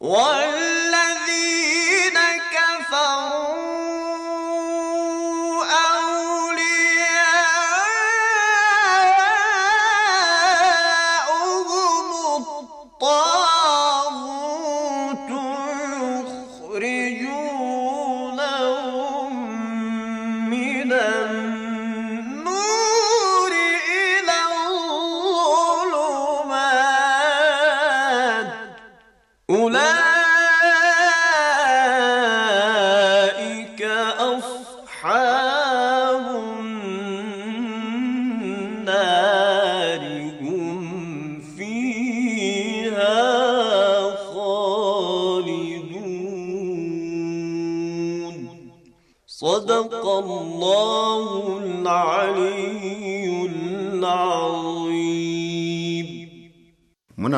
One.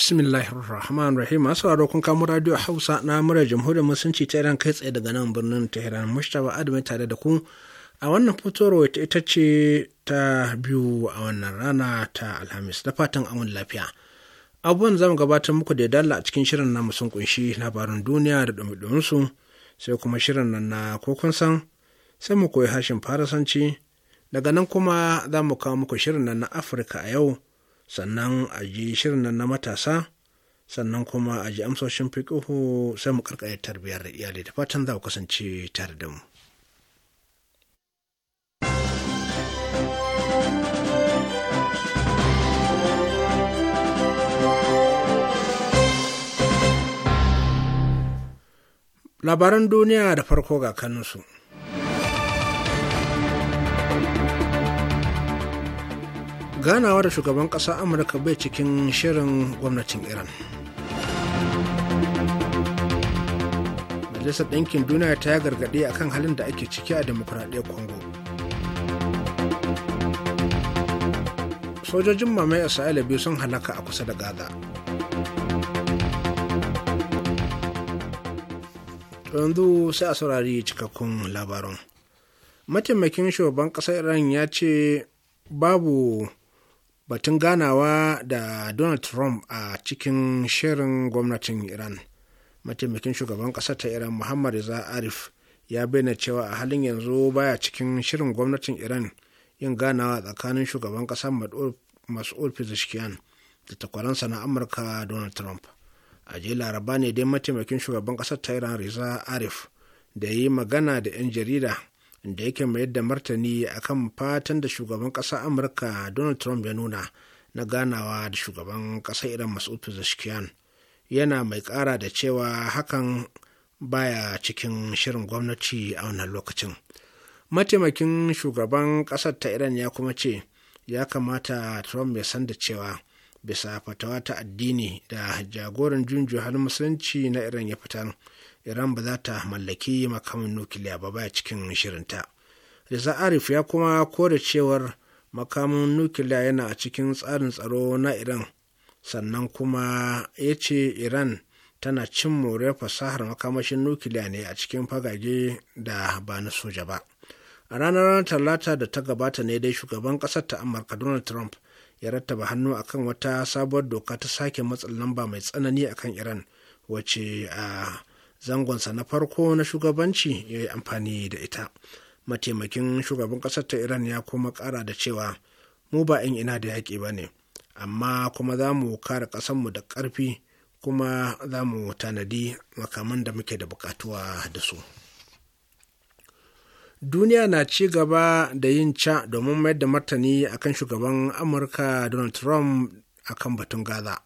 bismillahirrahmanirrahim rahman rahim masu wa kun kamo radio hausa na murar jamhuriyar musulunci ta iran kai tsaye daga nan birnin tehran mustapha adamu tare da ku a wannan fitowar ita ce ta biyu a wannan rana ta alhamis da fatan amun lafiya abubuwan zamu gabatar muku da dalla a cikin shirin namu sun kunshi labarin duniya da dumi su sai kuma shirin nan na kokon san sai mu koyi harshen farasanci daga nan kuma za mu kawo muku shirin nan na afirka a yau sannan a ji shirin nan na matasa sannan kuma a ji amsoshin fiƙuhu sai mu karkare tarbiyyar iyali da fatan za ku kasance tare da mu. Labaran duniya da farko ga kanunsu. ganawa da shugaban ƙasa amurka bai cikin shirin gwamnatin iran majalisar ɗinkin duniya ta gargaɗe akan halin da ake ciki a demokuraɗiyar congo sojojin mamaye isra'ila biyu sun halaka a kusa da gaza yanzu sai a saurari cikakkun labaran mataimakin shugaban ƙasar iran ya ce babu batun ganawa da donald trump a cikin shirin gwamnatin iran mataimakin shugaban ƙasar ta iran muhammad za arif ya bayyana cewa a halin yanzu baya cikin shirin gwamnatin iran yin ganawa tsakanin shugaban ƙasar mas'ud pezeshkian da takwaransa na amurka donald trump a je laraba ne dai mataimakin shugaban ƙasar ta iran reza arif da yi magana da 'yan jarida da yake mayar da martani akan fatan da shugaban ƙasa amurka donald trump ya nuna na ganawa da shugaban ƙasa iran masud pezeshkian yana mai ƙara da cewa hakan baya cikin shirin gwamnati a wannan lokacin mataimakin shugaban ƙasar ta iran ya kuma ce ya kamata trump ya san da cewa bisa fatawa ta addini da jagoran junjo har musulunci na iran ya fitar iran ba za ta mallaki makamin nukiliya ba ba cikin shirinta riza arif ya kuma kore cewar makamin nukiliya yana a cikin tsarin tsaro na iran sannan kuma ya ce iran tana cin more fasahar makamashin nukiliya ne a cikin fagage da ba na soja ba a ranar talata da ta gabata ne dai shugaban ƙasar ta amurka donald trump ya rattaba hannu akan wata sabuwar doka ta sake matsin lamba mai tsanani akan iran wacce a ah, zangonsa na farko na shugabanci ya yi amfani da ita mataimakin shugaban ƙasar ta iran ya kuma ƙara da cewa mu ba 'yan ina da yaƙi ba ne amma kuma za mu kare ƙasanmu da ƙarfi kuma za mu tanadi makaman da muke da buƙatuwa da su duniya na ci gaba da yin ca domin mayar da martani akan shugaban amurka donald trump akan batun gaza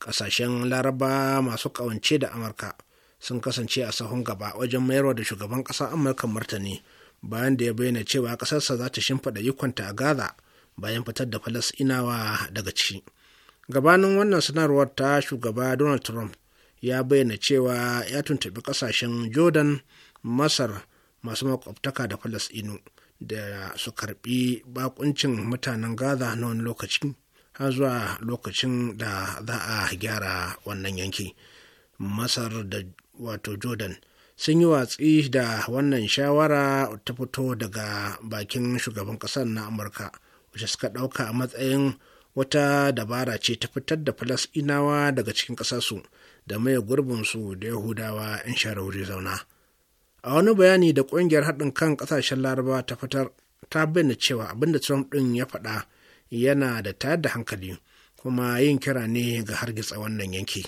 ƙasashen laraba masu ƙawance da amurka sun kasance a sahun gaba wajen mayarwa da shugaban ƙasar amurka martani bayan da ya bayyana cewa ƙasarsa za ta shimfiɗa ikonta a gaza bayan fitar da falasɗinawa daga ciki gabanin wannan sanarwar ta shugaba donald trump ya bayyana cewa ya tuntuɓi ƙasashen jordan masar masu makwabtaka da falasɗinu da su karɓi bakuncin mutanen gaza na wani lokaci har zuwa lokacin da za a gyara wannan yanki masar da wato jordan sun yi watsi da wannan shawara ta fito daga bakin shugaban ƙasar na amurka wacce suka ɗauka a matsayin wata dabara ce ta fitar da falasɗinawa daga cikin ƙasarsu da maye gurbinsu da yahudawa 'yan shahararri zauna a wani bayani da ƙungiyar haɗin kan ƙasashen laraba ta fitar ta bayyana cewa abin da trump ɗin ya faɗa yana da tayar da hankali kuma yin kira ne ga hargitsa wannan yanki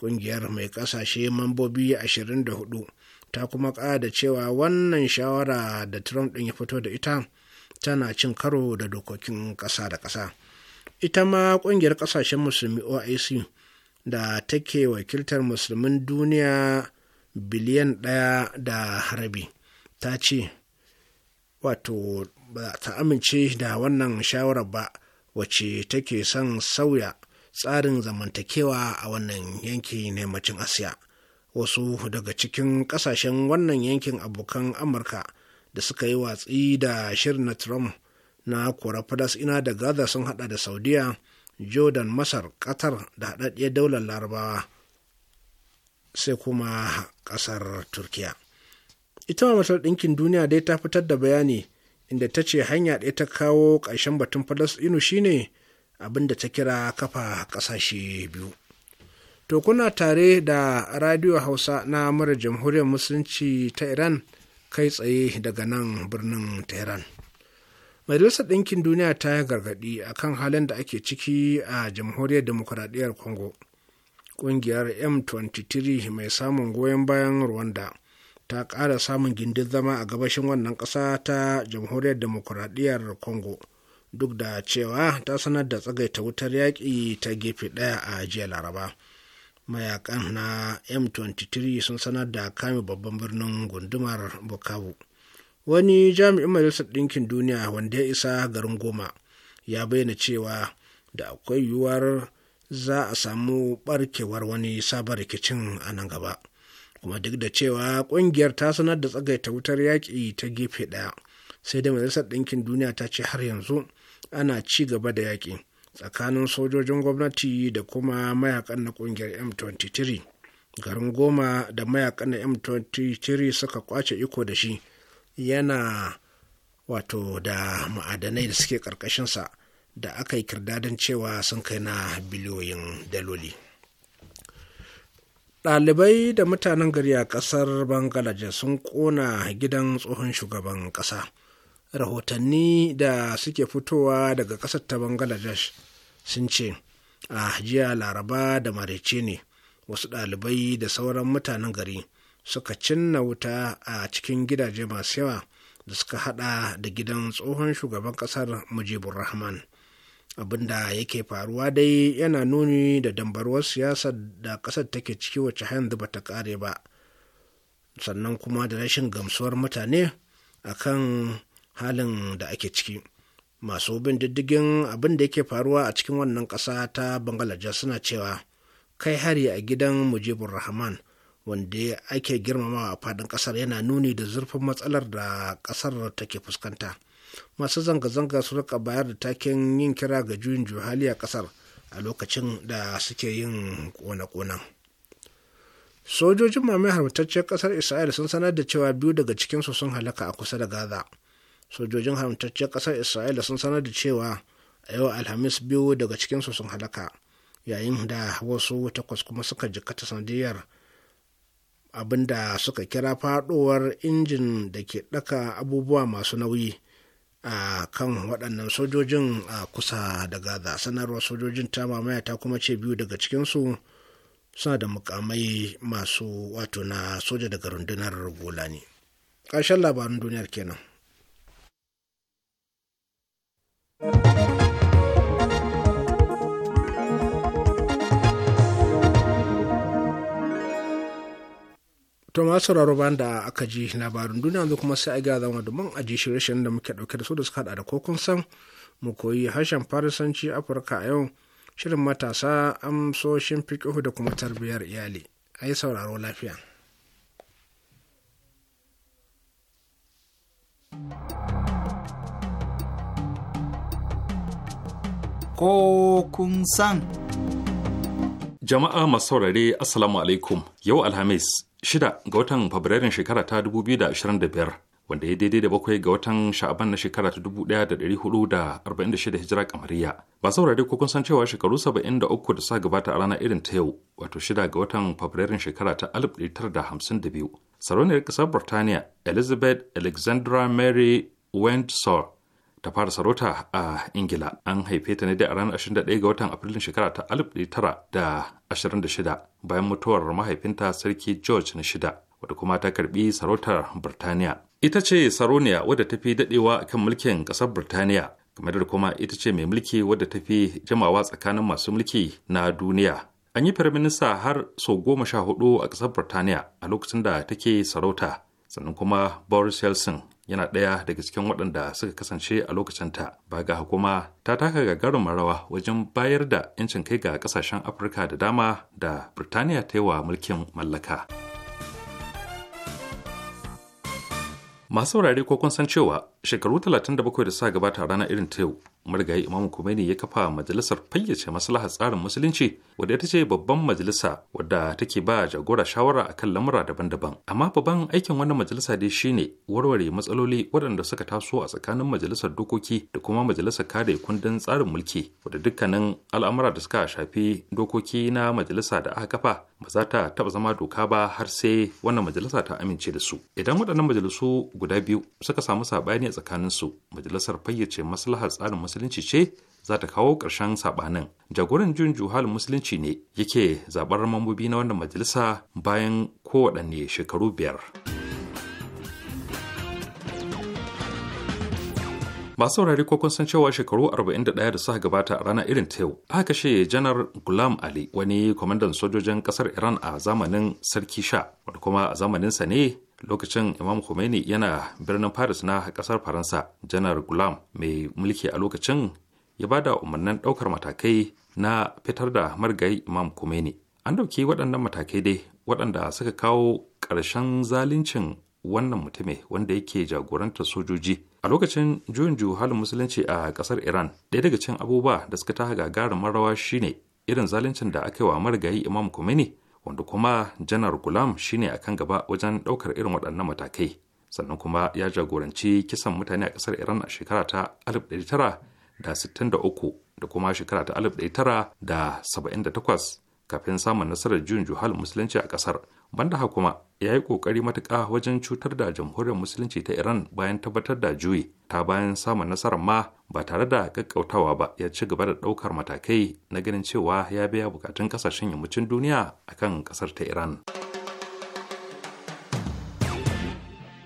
ƙungiyar mai ƙasashe mambobi 24 ta kuma ƙada cewa wannan shawara da trump ɗin ya fito da ita tana cin karo da dokokin ƙasa da ƙasa ita ma ƙungiyar ƙasashen musulmi oic da take wakiltar musulmin duniya biliyan ɗaya da harabi ta ce wato ba ta amince da wannan shawarar ba wace take son sauya tsarin zamantakewa a wannan yanki na yammacin asiya wasu daga cikin kasashen wannan yankin abokan amurka da suka yi watsi da shirin na trump na kora ina da gaza sun hada da saudiya jordan masar qatar da haɗaɗɗiyar daular larabawa sai kuma ƙasar turkiya ita ma matar ɗinkin duniya dai ta fitar da bayani inda ta ce hanya ɗaya ta kawo ƙarshen batun falasɗinu shine abinda ta kira kafa ƙasashe biyu to kuna tare da radio hausa na mara jamhuriyar musulunci ta iran kai tsaye daga nan birnin tehran majalisar ɗinkin duniya ta yi gargaɗi a kan halin da ake ciki a jamhuriyar demokuraɗiyyar congo ƙungiyar m23 mai samun goyon bayan rwanda ta ƙara samun gindin zama a gabashin wannan ƙasa ta jamhuriyar demokuraɗiyyar congo duk da cewa ta sanar da tsagaita wutar yaƙi ta gefe ɗaya a jiya laraba mayakan na m23 sun sanar da kame babban birnin gundumar bukavu wani jami'in majalisar ɗinkin duniya wanda ya isa garin goma ya bayyana cewa da akwai yiwuwar za a samu barkewar wani sabon rikicin a nan gaba kuma duk da cewa ƙungiyar ta sanar da tsagaita wutar yaƙi ta gefe ɗaya sai dai majalisar ɗinkin duniya ta ce har yanzu ana ci gaba da yaƙi tsakanin sojojin gwamnati da kuma mayakan na ƙungiyar m23 garin goma da mayakan na m23 suka kwace iko da shi yana wato da ma'adanai da suke ƙarƙashinsa da aka yi kirdadin cewa sun kai na biliyoyin daloli ɗalibai da mutanen gari a ƙasar bangaladesh sun ƙona gidan tsohon shugaban ƙasa rahotanni da suke fitowa daga ƙasar ta bangladesh sun ce a jiya laraba da marece ne wasu ɗalibai da sauran mutanen gari suka cinna wuta a cikin gidaje masu yawa da suka hada da gidan tsohon shugaban ƙasar mujibur rahman abin da yake faruwa dai yana nuni da dambarwar siyasar da ƙasar take ciki wacce yanzu ba ta ƙare ba sannan kuma da rashin gamsuwar mutane akan halin da ake ciki masu bin diddigin abin da yake faruwa a cikin wannan ƙasa ta bangladesh suna cewa kai hari a gidan mujibur rahman wanda ake girmamawa a fadin ƙasar yana nuni da zurfin matsalar da ƙasar take fuskanta masu zanga-zanga su rika bayar da taken yin kira ga juyin juhali a ƙasar, a lokacin da suke yin kone-konen sojojin mamayar harbitacciyar ƙasar isra'il sun sanar da cewa biyu daga cikinsu sun halaka a kusa da gaza sojojin haramtacciyar ƙasar isra'ila sun sanar da cewa a yau alhamis biyu daga cikinsu sun halaka yayin da wasu takwas kuma suka jikata sanadiyar abinda suka kira faɗowar injin da ke ɗaka abubuwa masu nauyi a kan waɗannan sojojin a kusa da gaza sanarwar sojojin ta mamaya ta kuma ce biyu daga cikinsu suna da mukamai masu wato na soja daga rundunar golani ƙarshen labarin duniyar kenan to ma sauraro bayan da aka ji labarin duniya yanzu kuma sai a ga zama domin a ji shirye-shiryen da muke dauke da su da suka hada da kokon san mu koyi harshen farisanci afirka a yau shirin matasa amsoshin fiƙihu da kuma tarbiyyar iyali a yi sauraro lafiya. ko kun san. Jama'a masu saurare Assalamu alaikum yau Alhamis shida ga watan Fabrairun shekara ta 2025 wanda ya daidai da bakwai ga watan sha'aban na shekara ta 1446 hijira kamariya. Ba saurare ko kun san cewa shekaru 73 da sa gabata a ranar irin ta yau wato shida ga watan Fabrairun shekara ta 1952. Sarauniyar ƙasar Birtaniya Elizabeth Alexandra Mary Windsor ta fara sarauta a ingila an haife ta ne da a ranar 21 ga watan afrilun shekara ta 1926 bayan mutuwar mahaifinta sarki george na shida wadda kuma ta karbi sarautar birtaniya ita ce saroniya wadda ta fi dadewa kan mulkin kasar birtaniya kamar da kuma ita ce mai mulki wadda ta fi jimawa tsakanin masu mulki na duniya an yi firaminista har sau goma sha hudu a kasar birtaniya a lokacin da take sarauta sannan kuma boris yeltsin yana ɗaya daga cikin waɗanda suka kasance a lokacinta ba ga hukuma ta taka gagarumin rawa wajen bayar da 'yancin kai ga ƙasashen afirka da dama da birtaniya ta yi wa mulkin mallaka masu wurare ko kun san cewa shekaru 37 da suka gabata a ranar irin ta yau marigayi imam Khomeini ya kafa majalisar fayyace maslaha tsarin musulunci wadda ita ce babban majalisa wadda take ba jagora shawara akan lamura daban-daban amma babban aikin wannan majalisa dai shine warware matsaloli waɗanda suka taso a tsakanin majalisar dokoki da kuma majalisar kare kundin tsarin mulki wadda dukkanin al'amura da suka shafi dokoki na majalisa da aka kafa ba za ta taɓa zama doka ba har sai wannan majalisa ta amince da su idan waɗannan majalisu guda biyu suka samu saɓani a tsakaninsu majalisar fayyace maslahar tsarin musulunci musulunci ce za ta kawo ƙarshen sabanin jagoran juyin juhal musulunci ne yake zaɓar mambobi na wannan majalisa bayan kowaɗanne shekaru biyar. masu saurari ko kun san cewa shekaru 41 da suka gabata a ranar irin ta yau aka kashe janar gulam ali wani kwamandan sojojin kasar iran a zamanin sarki sha wanda kuma a sa ne lokacin imam khomeini yana birnin paris na kasar faransa janar gulam mai mulki a lokacin ya ba da umarnin daukar matakai na fitar da margayi imam khomeini an ɗauki waɗannan matakai dai waɗanda suka kawo ƙarshen zaluncin wannan mutumin wanda yake jagorantar sojoji a lokacin juyin halin musulunci a kasar iran ɗaya daga cikin abubuwa da suka ta gagarin rawa shine irin zaluncin da aka yi wa marigayi imam khomeini wanda kuma janar gulam shine a kan gaba wajen ɗaukar irin waɗannan matakai sannan kuma ya jagoranci kisan mutane a kasar iran a shekara ta 1963 da kuma shekara ta 1978 kafin samun nasarar juyin juhal musulunci a kasar banda haka kuma ya yi ƙoƙari matuƙa wajen cutar da jamhuriyar musulunci ta iran bayan tabbatar da juyi ta bayan samun nasarar ma ba tare da ƙaƙƙautawa ba ya ci gaba da ɗaukar matakai na ganin cewa ya biya bukatun ƙasashen yammacin duniya akan ƙasar ta iran.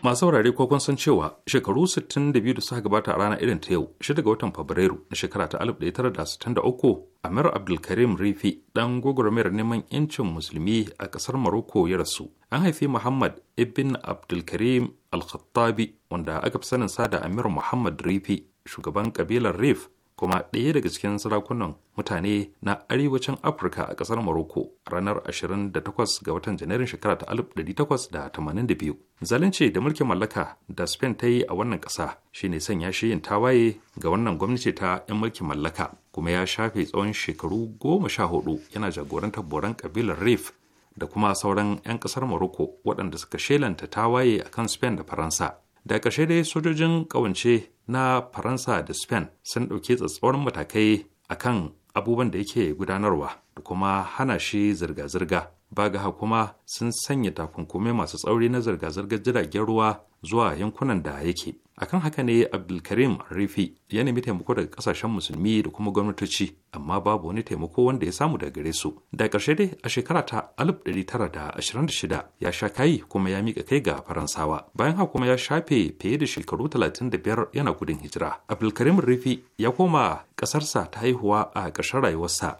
masu wurare ko kun san cewa shekaru 62 da suka gabata a ranar irin ta yau 6 ga watan Fabrairu na shekara ta 1963 Amir Abdulkarim Rifi dan gwagwarmayar neman yancin musulmi a kasar maroko ya rasu. An haifi Muhammad ibn Abdulkarim Al-Khattabi wanda aka fi sanin sa da Amir Muhammad Rifi shugaban kabilar Rif kuma ɗaya daga cikin sarakunan mutane na arewacin afirka a ƙasar morocco a ranar 28 ga watan janairun shekara ta 1882 zalunci da mulkin mallaka da spain ta yi a wannan ƙasa shine sanya shi yin tawaye ga wannan gwamnati ta 'yan mulkin mallaka kuma ya shafe tsawon shekaru goma sha hudu yana jagorantar boran kabilar rif da kuma sauran 'yan ƙasar morocco waɗanda suka shelanta tawaye akan spain da faransa da ƙarshe dai sojojin ƙawance na faransa da spain sun ɗauki tsatsauran matakai a kan abubuwan da yake gudanarwa da kuma hana shi zirga-zirga ga kuma sun sanya takunkumi masu tsauri na zirga-zirgar jiragen ruwa zuwa yankunan da yake akan haka ne abdulkarim rifi ya nemi taimako daga kasashen musulmi da kuma gwamnatoci amma babu wani taimako wanda ya samu daga gare su da ƙarshe dai a shekara ta 1926 ya sha kayi kuma ya mika kai ga faransawa bayan haka kuma ya shafe fiye da shekaru 35 yana gudun hijira abdulkarim rifi ya koma ƙasarsa ta haihuwa a ƙarshen rayuwarsa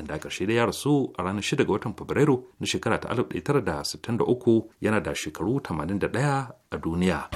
inda ƙarshe dai ya rasu a ranar 6 ga watan fabrairu na shekara ta 1963 yana da shekaru 81 a duniya.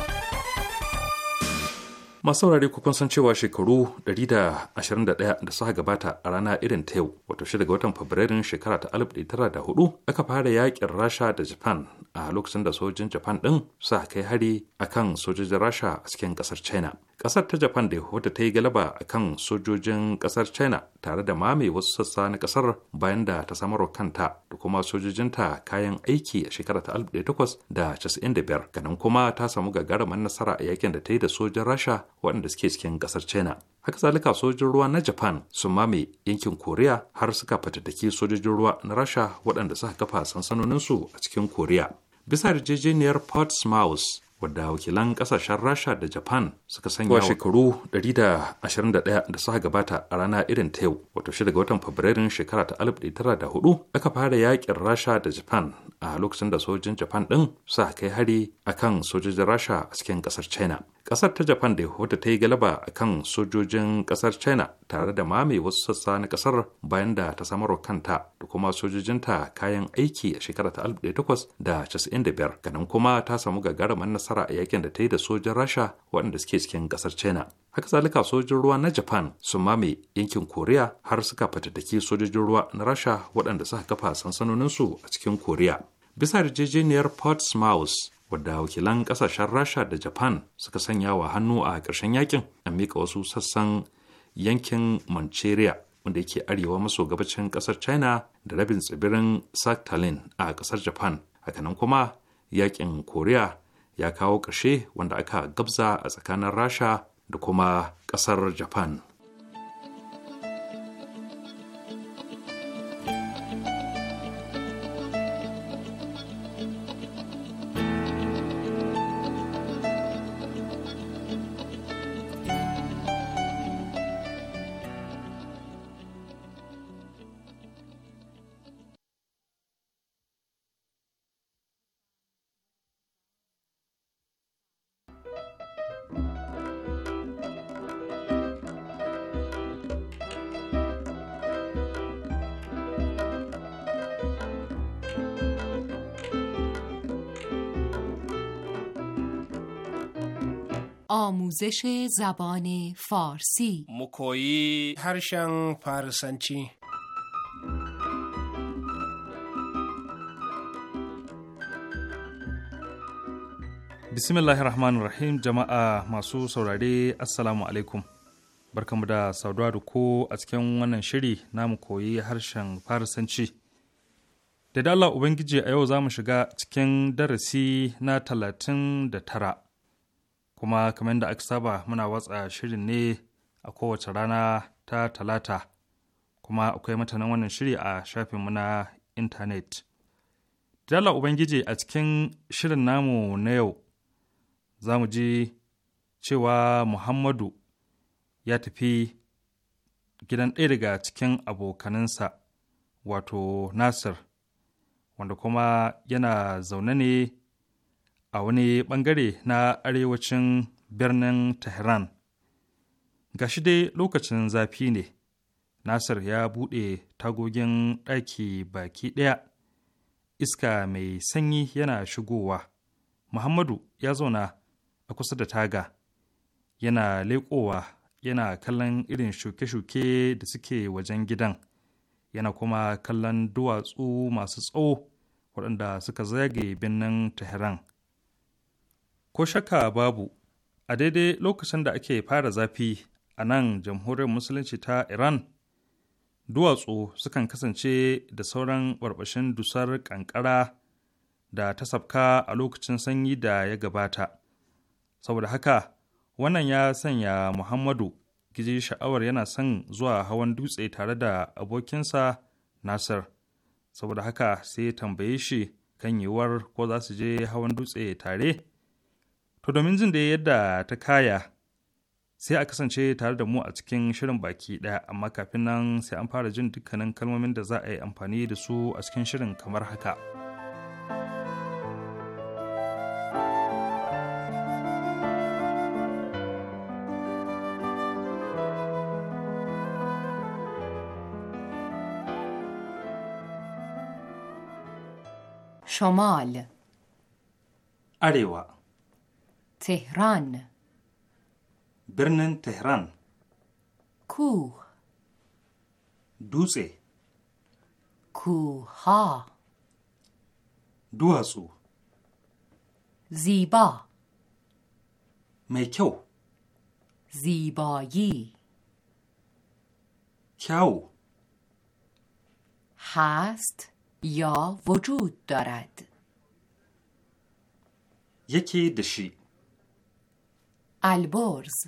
masu saurare kun san cewa shekaru 121 da suka gabata a rana irin ta yau wato shida ga watan fabrairun shekara ta 1904 aka fara yakin rasha da japan a lokacin da sojin japan din sa kai hari akan sojojin rasha a cikin kasar china kasar ta japan da wata ta yi galaba a kan sojojin kasar china tare da mame wasu sassa na kasar bayan da ta samarwa kanta da kuma sojojinta kayan aiki a shekara ta biyar ganin kuma ta samu gagarumin nasara a yakin da ta yi da sojin rasha waɗanda suke cikin kasar china haka zalika sojin ruwa na japan sun mame yankin koriya har suka fatattaki sojojin ruwa na rasha waɗanda suka kafa sansanoninsu a cikin koriya bisa yarjejeniyar portsmouth wadda wakilan kasashen rasha da japan suka sanya wa shekaru 121 da suka gabata a rana irin ta yau wato 6 ga watan fabrairun shekara ta 1904 aka fara yakin rasha da japan a lokacin da sojin japan din suka kai hari akan sojojin rasha a cikin kasar china kasar ta japan da wata ta yi galaba a kan sojojin kasar china tare da mame wasu sassa na kasar bayan da ta samarwa kanta da kuma sojojinta kayan aiki a shekara ta biyar ganin kuma ta samu gagarumin nasara a yakin da ta yi da sojin rasha waɗanda suke cikin kasar china haka zalika sojin ruwa na japan sun mame yankin koriya har suka fatattaki sojojin ruwa na rasha waɗanda suka kafa sansanoninsu a cikin koriya bisa yarjejeniyar portsmouth wadda wakilan kasashen rasha da japan suka sanya wa hannu a ƙarshen yakin a mika wasu sassan yankin manchuria wanda yake arewa maso gabacin ƙasar china da rabin tsibirin sakhalin a ƙasar japan hakanan kuma yakin korea ya kawo ƙarshe wanda aka gabza a tsakanin rasha da kuma ƙasar japan آموزش زبان فارسی مکویی هرشن فارسنچی bismillahir rahman rahim jama'a masu saurare assalamu alaikum barkamu da saduwa da ko a cikin wannan shiri namu koyi harshen farisanci da dala ubangiji a yau za mu shiga cikin darasi na talatin da tara kuma kamar da aka saba muna watsa shirin ne a kowace rana ta talata kuma akwai mutanen wannan shiri a shafinmu na intanet dala ubangiji a cikin shirin namu na yau za mu ji cewa muhammadu ya tafi gidan ɗaya daga cikin abokaninsa wato nasir wanda kuma yana zaune ne a wani bangare na arewacin birnin Tehran. shi dai lokacin zafi ne, Nasir ya buɗe tagogin ɗaki baki ɗaya, iska mai sanyi yana shigowa. Muhammadu ya zauna a kusa da taga, yana leƙowa yana kallon irin shuke-shuke da suke wajen gidan, yana kuma kallon duwatsu masu tsawo waɗanda suka zage birnin Tehran. Ko shaka babu, a daidai lokacin da ake fara zafi a nan jamhuriyar musulunci ta Iran, duwatsu sukan kasance da sauran barbashin dusar kankara da ta sabka a lokacin sanyi da ya gabata. Saboda haka, wannan ya sanya Muhammadu gizi sha'awar yana son zuwa hawan dutse tare da abokinsa Nasir. Saboda haka sai ya tambaye shi kan yiwuwar ko za su je hawan dutse tare. To domin jin da yadda ta kaya sai a kasance tare da mu a cikin shirin baki ɗaya amma kafin nan sai an fara jin dukkanin kalmomin da za a yi amfani da su a cikin shirin kamar haka. شمال arewa. تهران برنن تهران کوه دوزه کوها دوازو زیبا میکو زیبایی کو هست یا وجود دارد یکی دشی البرز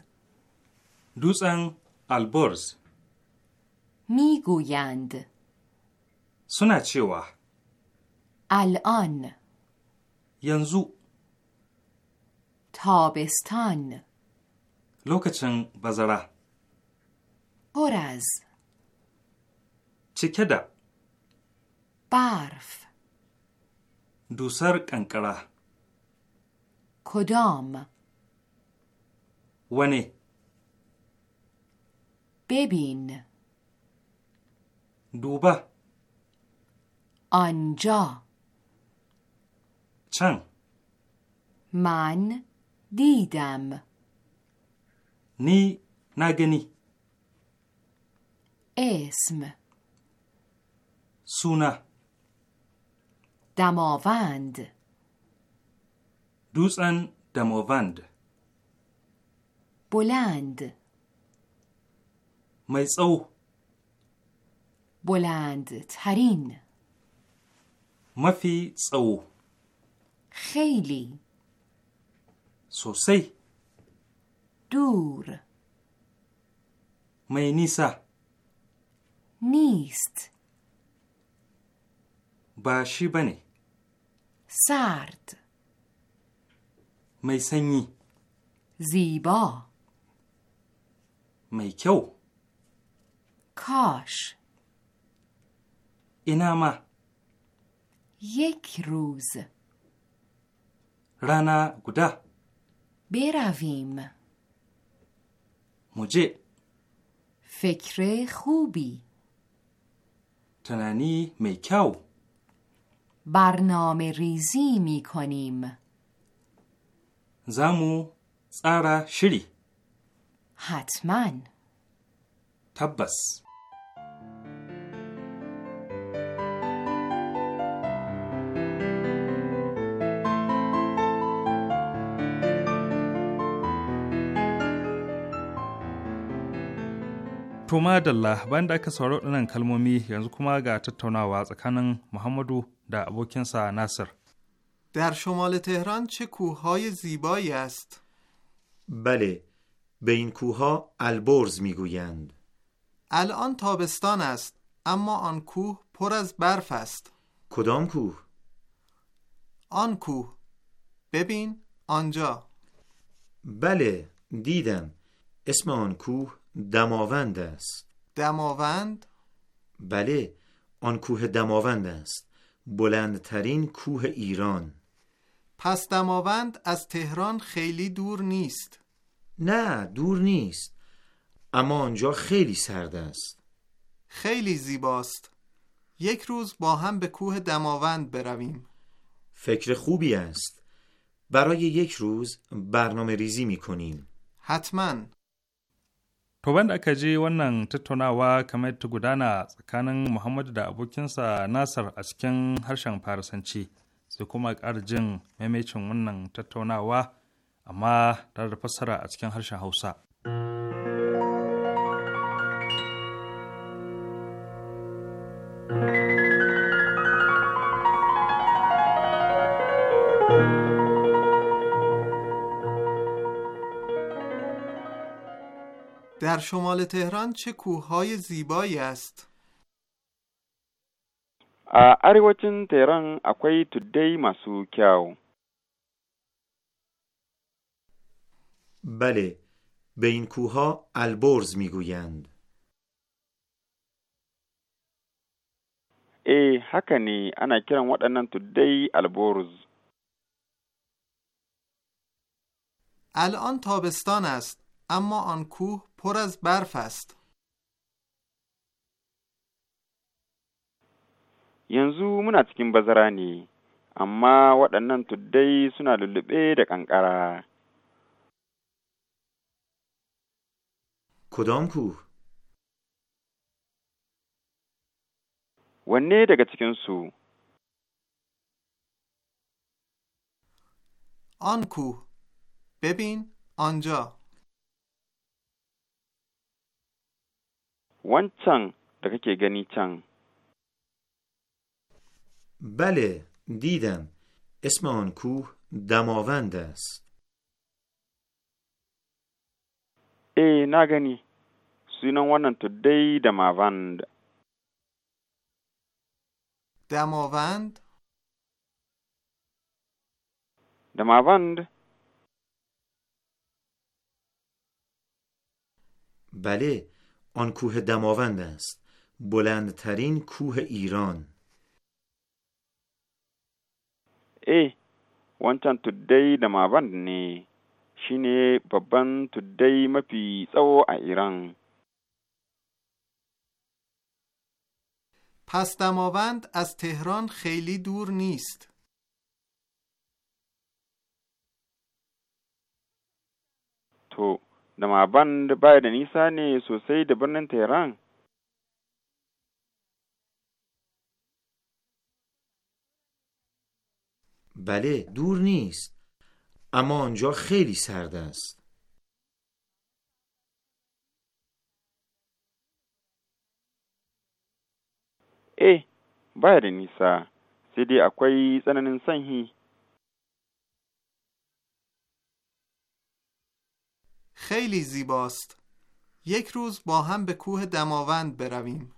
دوزن البرز میگویند سنا چیوا الان ینزو تابستان لوکچن بزرا پر چکده برف دوسر کنکره کدام ونه ببین دوبه آنجا چند من دیدم نی نگنی اسم سونه دماوند دوزن دماوند بلند mai بولاند بلند ترین مفی تسو خیلی سوسی دور مینیسا نیست باشی بنه سرد میسنی زيبا mai کاش ina ما یک روز رانا گودا برویم مجه فکر خوبی تنانی میکاو برنامه ریزی میکنیم. کنیم زمو سارا شری حتما تبس To madalla bayan da aka saurari waɗannan kalmomi yanzu kuma ga tattaunawa tsakanin Muhammadu da abokinsa Nasir. در شمال تهران چه کوههای زیبایی است؟ بله، به این کوهها البرز میگویند الان تابستان است اما آن کوه پر از برف است کدام کوه آن کوه ببین آنجا بله دیدم اسم آن کوه دماوند است دماوند بله آن کوه دماوند است بلندترین کوه ایران پس دماوند از تهران خیلی دور نیست نه دور نیست اما آنجا خیلی سرد است خیلی زیباست یک روز با هم به کوه دماوند برویم فکر خوبی است برای یک روز برنامه ریزی می کنیم حتما To banda aka je wannan tattaunawa kamar ta gudana tsakanin دا da abokinsa Nasar a cikin harshen Farisanci sai kuma ƙara jin amma tare da fassara a cikin harshen hausa در شمال تهران چه کوههای زیبایی است؟ a arewacin Teran akwai tuddai masu kyau. بله به این کوهها البرز میگویند eh haka ne ana kiran waɗannan tuddai alboruz. الان تابستان است اما آن کوه پر yanzu muna cikin bazara ne amma waɗannan tuddai suna lulluɓe da ƙanƙara. کدام کوه؟ wanne daga cikinsu? آن کوه ببین آنجا wancan da kake gani can بله دیدم اسم آن کوه دماوند است ای نگنی سینه ونن تو دی دماوند دماوند دماوند بله آن کوه دماوند است بلندترین کوه ایران ای وانتان تو دی دماوند نی شینه بابان تو دی مپی سو ایران پس دماوند از تهران خیلی دور نیست. تو دماوند باید نیسانی nisa ne تهران؟ بله دور نیست اما آنجا خیلی سرد است Eh, baya da nisa, sai dai akwai tsananin sanhi. خیلی زیباست. یک روز با هم به کوه دماوند برویم.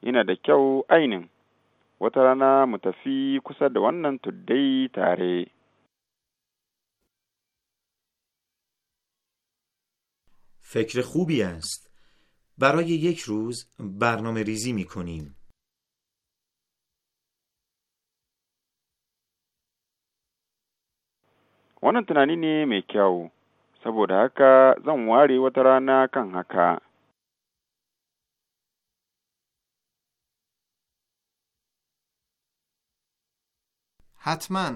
اینا da kyau ainin wata rana mu tafi kusa da wannan tuddai tare. فکر خوبی است. برای یک روز برنامه ریزی می کنیم. wannan tunani ne mai kyau saboda haka zan ware wata rana kan haka Hatman.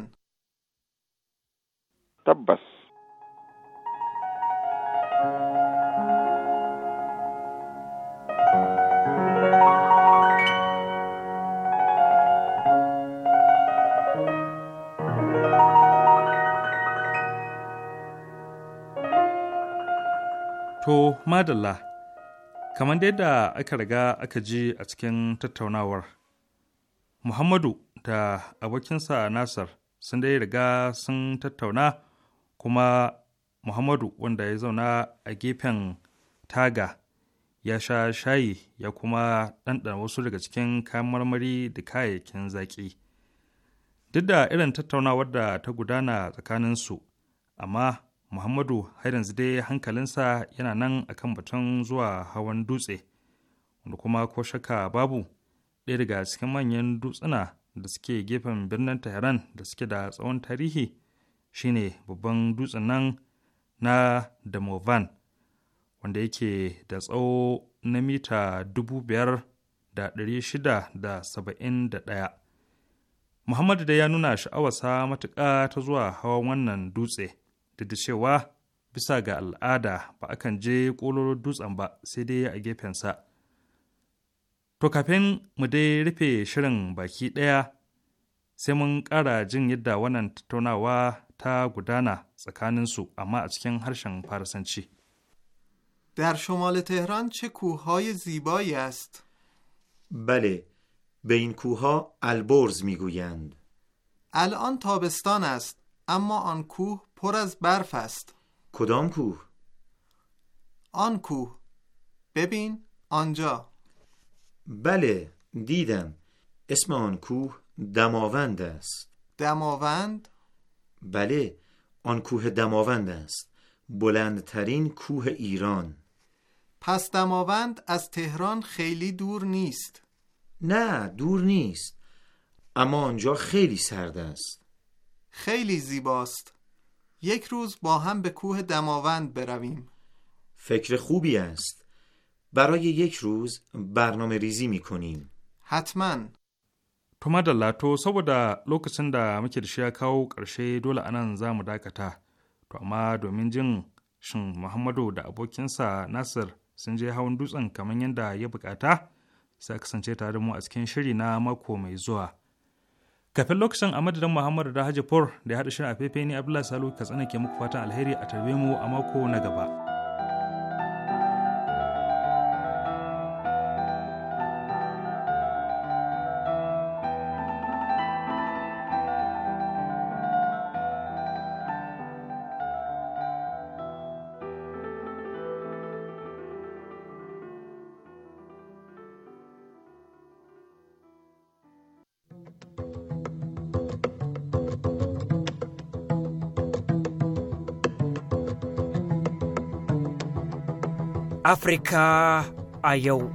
tabbas To, madalla, kamar dai da aka riga aka ji a cikin tattaunawar, Muhammadu da abokinsa Nasar sun dai riga sun tattauna kuma Muhammadu wanda ya zauna a gefen taga ya sha shayi ya kuma ɗanɗana wasu daga cikin kayan marmari da kayayyakin zaƙi. Duk da irin tattaunawar da ta gudana tsakaninsu, amma muhammadu har yanzu dai hankalinsa yana nan akan batun zuwa hawan dutse wanda kuma ko shaka babu ɗaya daga cikin manyan dutsuna da suke gefen birnin tehran da suke da tsawon tarihi shine babban dutsen nan na damovan wanda yake da tsawo na mita 5,671 muhammadu da ya nuna sha'awarsa matuƙa ta zuwa hawan wannan dutse duk da cewa bisa ga al'ada ba kan je kololon dutsen ba sai dai a gefensa to kafin mu dai rufe shirin baki ɗaya sai mun ƙara jin yadda wannan tattaunawa ta gudana tsakaninsu amma a cikin harshen farisanci در شمال تهران چه کوههای زیبایی است؟ بله، به این کوهها البرز میگویند. الان تابستان است. اما آن کوه پر از برف است کدام کوه؟ آن کوه ببین آنجا بله دیدم اسم آن کوه دماوند است دماوند؟ بله آن کوه دماوند است بلندترین کوه ایران پس دماوند از تهران خیلی دور نیست نه دور نیست اما آنجا خیلی سرد است خیلی زیباست یک روز با هم به کوه دماوند برویم فکر خوبی است برای یک روز برنامه ریزی می کنیم حتما تو ما دلا تو سو بودا لوکسن دا مکر کرشه دول انان زام دا کتا تو اما دو شن محمد دا ابو کنسا نصر سنجه هون دوزن کمانین دا یبک اتا سا کسنجه تا از کن شری نام کومی زوا kafin lokacin a madadin muhammadu da hajji da ya haɗa shirin a ne abdullahi salu katsina ke muku fatan alheri a tarbe mu a mako na gaba. Afirka a yau.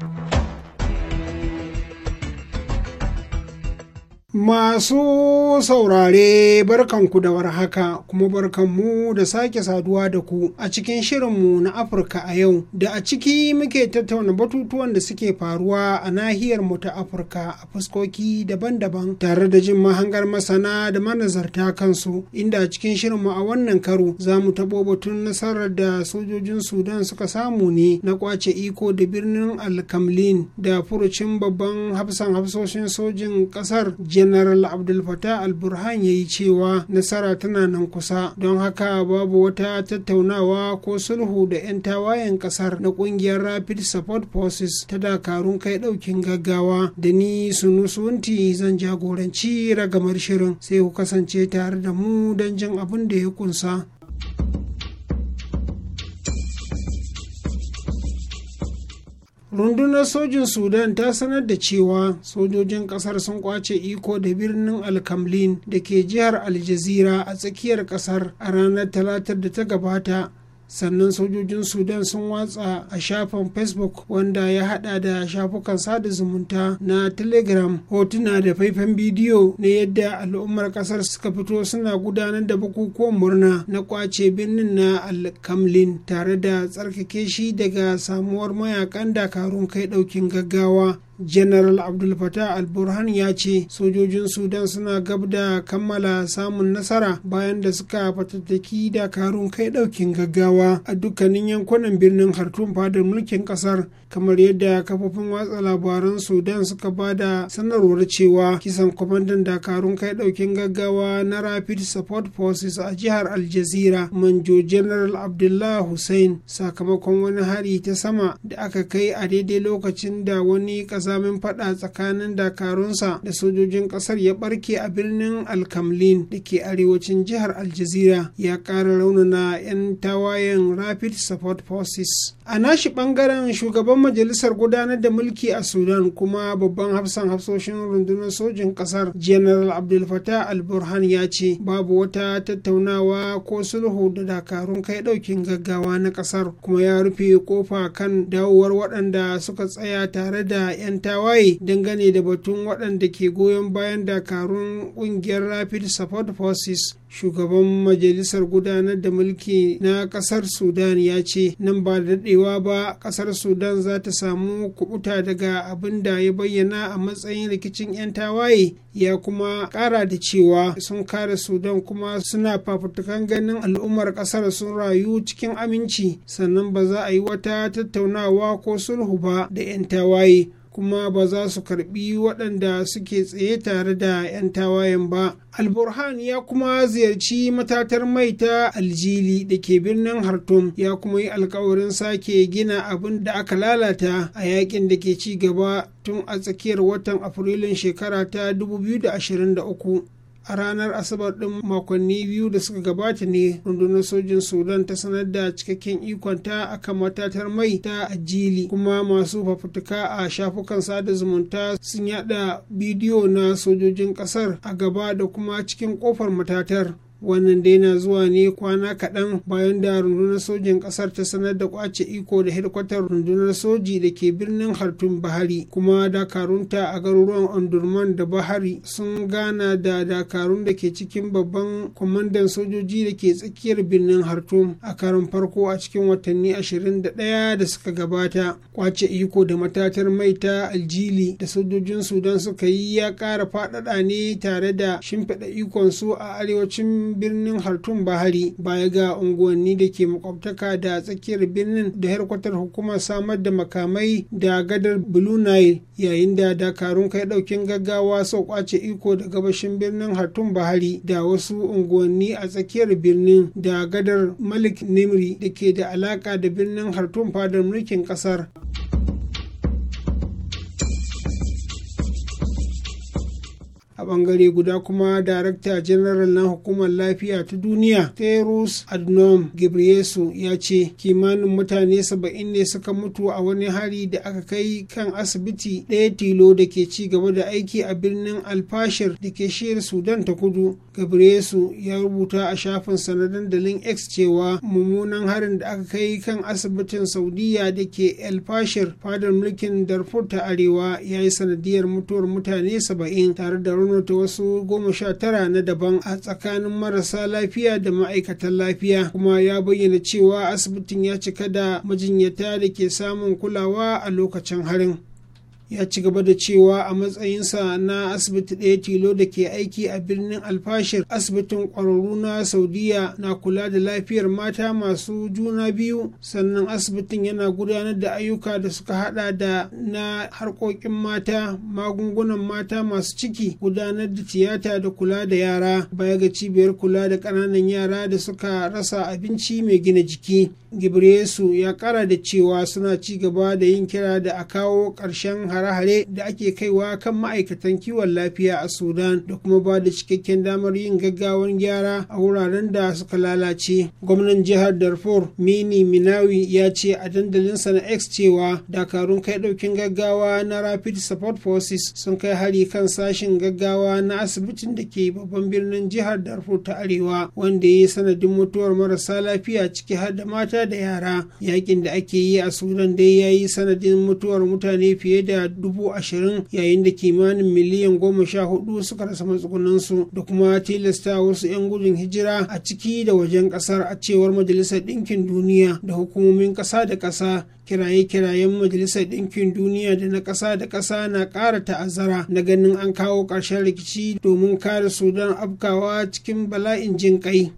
Masu saurare barkanku da warhaka kuma barkanmu da sake saduwa da ku a cikin shirinmu na Afirka a yau da a ciki muke tattauna batutuwan da suke faruwa a nahiyar mu ta Afirka a fuskoki daban-daban tare da jin mahangar masana da manazarta kansu inda a cikin shirinmu a wannan karo za mu tabo batun nasarar da sojojin Sudan suka samu ne na kwace iko da birnin Alkamlin da furucin babban hafsan hafsoshin sojin kasar janaral abdul fatah al-burhan ya yi cewa nasara tana nan kusa don haka babu wata tattaunawa ko sulhu da 'yan tawayen kasar na kungiyar rapid support forces ta dakarun kai daukin gaggawa da ni sunusunti zan jagoranci ragamar shirin sai ku kasance tare da mu don jin abin da ya kunsa rundunar sojin sudan ta sanar da cewa sojojin kasar sun kwace iko da birnin alkamlin da ke jihar aljazira a tsakiyar kasar a ranar talatar da ta gabata sannan sojojin sudan sun watsa a shafin facebook wanda ya hada da shafukan sada zumunta na telegram hotuna da faifan bidiyo na yadda al'ummar kasar suka fito suna gudanar da bukukuwan murna na kwace birnin na alkamlin tare da tsarkake shi daga samuwar mayakan dakarun kai daukin gaggawa general abdul fatah al-burhan ya ce sojojin sudan suna gab da kammala samun nasara bayan da suka fatattaki dakarun kai daukin gaggawa a dukkanin yankunan birnin hartun fadar mulkin kasar kamar yadda kafofin watsa labaran sudan suka ba da sanarwar cewa kisan kwamandan dakarun kai daukin gaggawa na rapid support forces a jihar aljazira manjo general abdullah hussein sakamakon wani hari ta sama da aka kai a daidai lokacin da wani zamin fada tsakanin dakarunsa da sojojin kasar ya barke a birnin alkamlin da ke arewacin jihar aljazira ya ƙara raunana 'yan tawayen rapid support forces a nashi bangaren shugaban majalisar gudanar da mulki a sudan kuma babban hafsan hafsoshin rundunar sojin kasar general abdul fatah al-burhan ya ce babu wata tattaunawa ko sulhu da dakarun kai daukin gaggawa na kasar kuma ya rufe kofa kan dawowar waɗanda suka tsaya tare da 'yan tawaye dangane da batun waɗanda ke goyon bayan dakarun ƙungiyar rapid support forces shugaban majalisar gudanar da mulki na kasar sudan ya ce nan ba da daɗewa ba kasar sudan za ta samu kubuta daga abin da ya bayyana a matsayin rikicin 'yan tawaye ya kuma ƙara da cewa sun kare sudan kuma suna fafutukan ganin al'ummar kasar sun rayu cikin aminci sannan ba za a yi wata tattaunawa ko sulhu ba da 'yan tawaye kuma ba za su karbi waɗanda suke tsaye tare da 'yan tawayen ba. Alburhan ya kuma ziyarci matatar mai ta aljili da ke birnin Hartum ya kuma yi alkawarin sake gina abin da aka lalata a yakin da ke ci gaba tun a tsakiyar watan Afrilun shekara ta 2023. a ranar asabar ɗin makonni biyu da suka gabata ne rundunar sojin sudan ta sanar da cikakken ikonta akan matatar mai ta ajili kuma masu fafutuka a shafukan sada zumunta sun yada bidiyo na sojojin ƙasar a gaba da kuma cikin ƙofar matatar wannan dai na zuwa ne kwana kaɗan bayan da rundunar sojin ƙasar ta sanar da kwace iko da hedkwatar rundunar soji da ke birnin hartun bahari kuma dakarunta a garuruwan ondurman da bahari sun gana da dakarun da ke cikin babban kwamandan sojoji da ke tsakiyar birnin hartun a karin farko a cikin watanni 21 da suka gabata kwace iko da matatar mai ta aljili da sojojin sudan suka yi ya ƙara faɗaɗa ne tare da shimfiɗa ikonsu a arewacin birnin hartun bahari baya ga unguwanni da ke makwabtaka da tsakiyar birnin da harkwatar hukumar samar da makamai da gadar blue nile yayin da dakarun kai daukin gaggawa sau kwace iko da gabashin birnin hartun bahari da wasu unguwanni a tsakiyar birnin da gadar malik nimri da ke da alaka da birnin hartun fadar mulkin kasar. a bangare guda kuma darakta janaral na hukumar lafiya ta duniya terus adnom gabriesu ya ce kimanin mutane saba'in ne suka mutu a wani hari da aka kai kan asibiti ɗaya tilo da ke ci gaba da aiki a birnin alfashir da ke shiyar sudan ta kudu gabriyesu ya rubuta a shafin sanadin Dandalin x cewa mummunan harin da aka kai kan asibitin saudiya da ke alfashir fadar mulkin darfur ta arewa ya yi sanadiyar mutuwar mutane saba'in tare da raunin raunata wasu goma sha tara na daban a tsakanin marasa lafiya da ma'aikatan lafiya kuma ya bayyana cewa asibitin ya cika da majinyata da ke samun kulawa a lokacin harin ya ci gaba da cewa a matsayinsa na asibiti ɗaya tilo da ke aiki a birnin alfashir asibitin ƙwararru na saudiya na kula da lafiyar mata masu juna biyu sannan asibitin yana gudanar da ayyuka da suka hada da na harkokin mata magungunan mata masu ciki gudanar da tiyata da kula da yara baya ga cibiyar kula da ƙananan yara da suka rasa abinci mai gina jiki gibresu ya kara da cewa suna ci gaba da yin kira da a kawo ƙarshen hare-hare da ake kaiwa kan ma'aikatan kiwon lafiya a sudan da kuma ba da cikakken damar yin gaggawan gyara a wuraren da suka lalace gwamnan jihar darfur mini minawi ya ce a sa na x cewa dakarun kai daukin gaggawa na rapid support forces sun kai hari kan sashin gaggawa na asibitin da ke babban birnin jihar darfur ta arewa wanda ya yi sanadin mutuwar marasa lafiya ciki har da mata da yara yakin da ake yi a sudan dai ya yi sanadin mutuwar mutane fiye da dubu ashirin yayin da kimanin miliyan goma sha hudu suka rasa matsugunansu da kuma tilasta wasu 'yan gudun hijira a ciki da wajen kasar a cewar majalisar ɗinkin duniya da hukumomin ƙasa da ƙasa kiraye-kirayen majalisar ɗinkin duniya da na ƙasa da ƙasa na ƙara ta'azzara na ganin an kawo ƙarshen rikici domin kare sudan afkawa cikin bala'in jin ƙai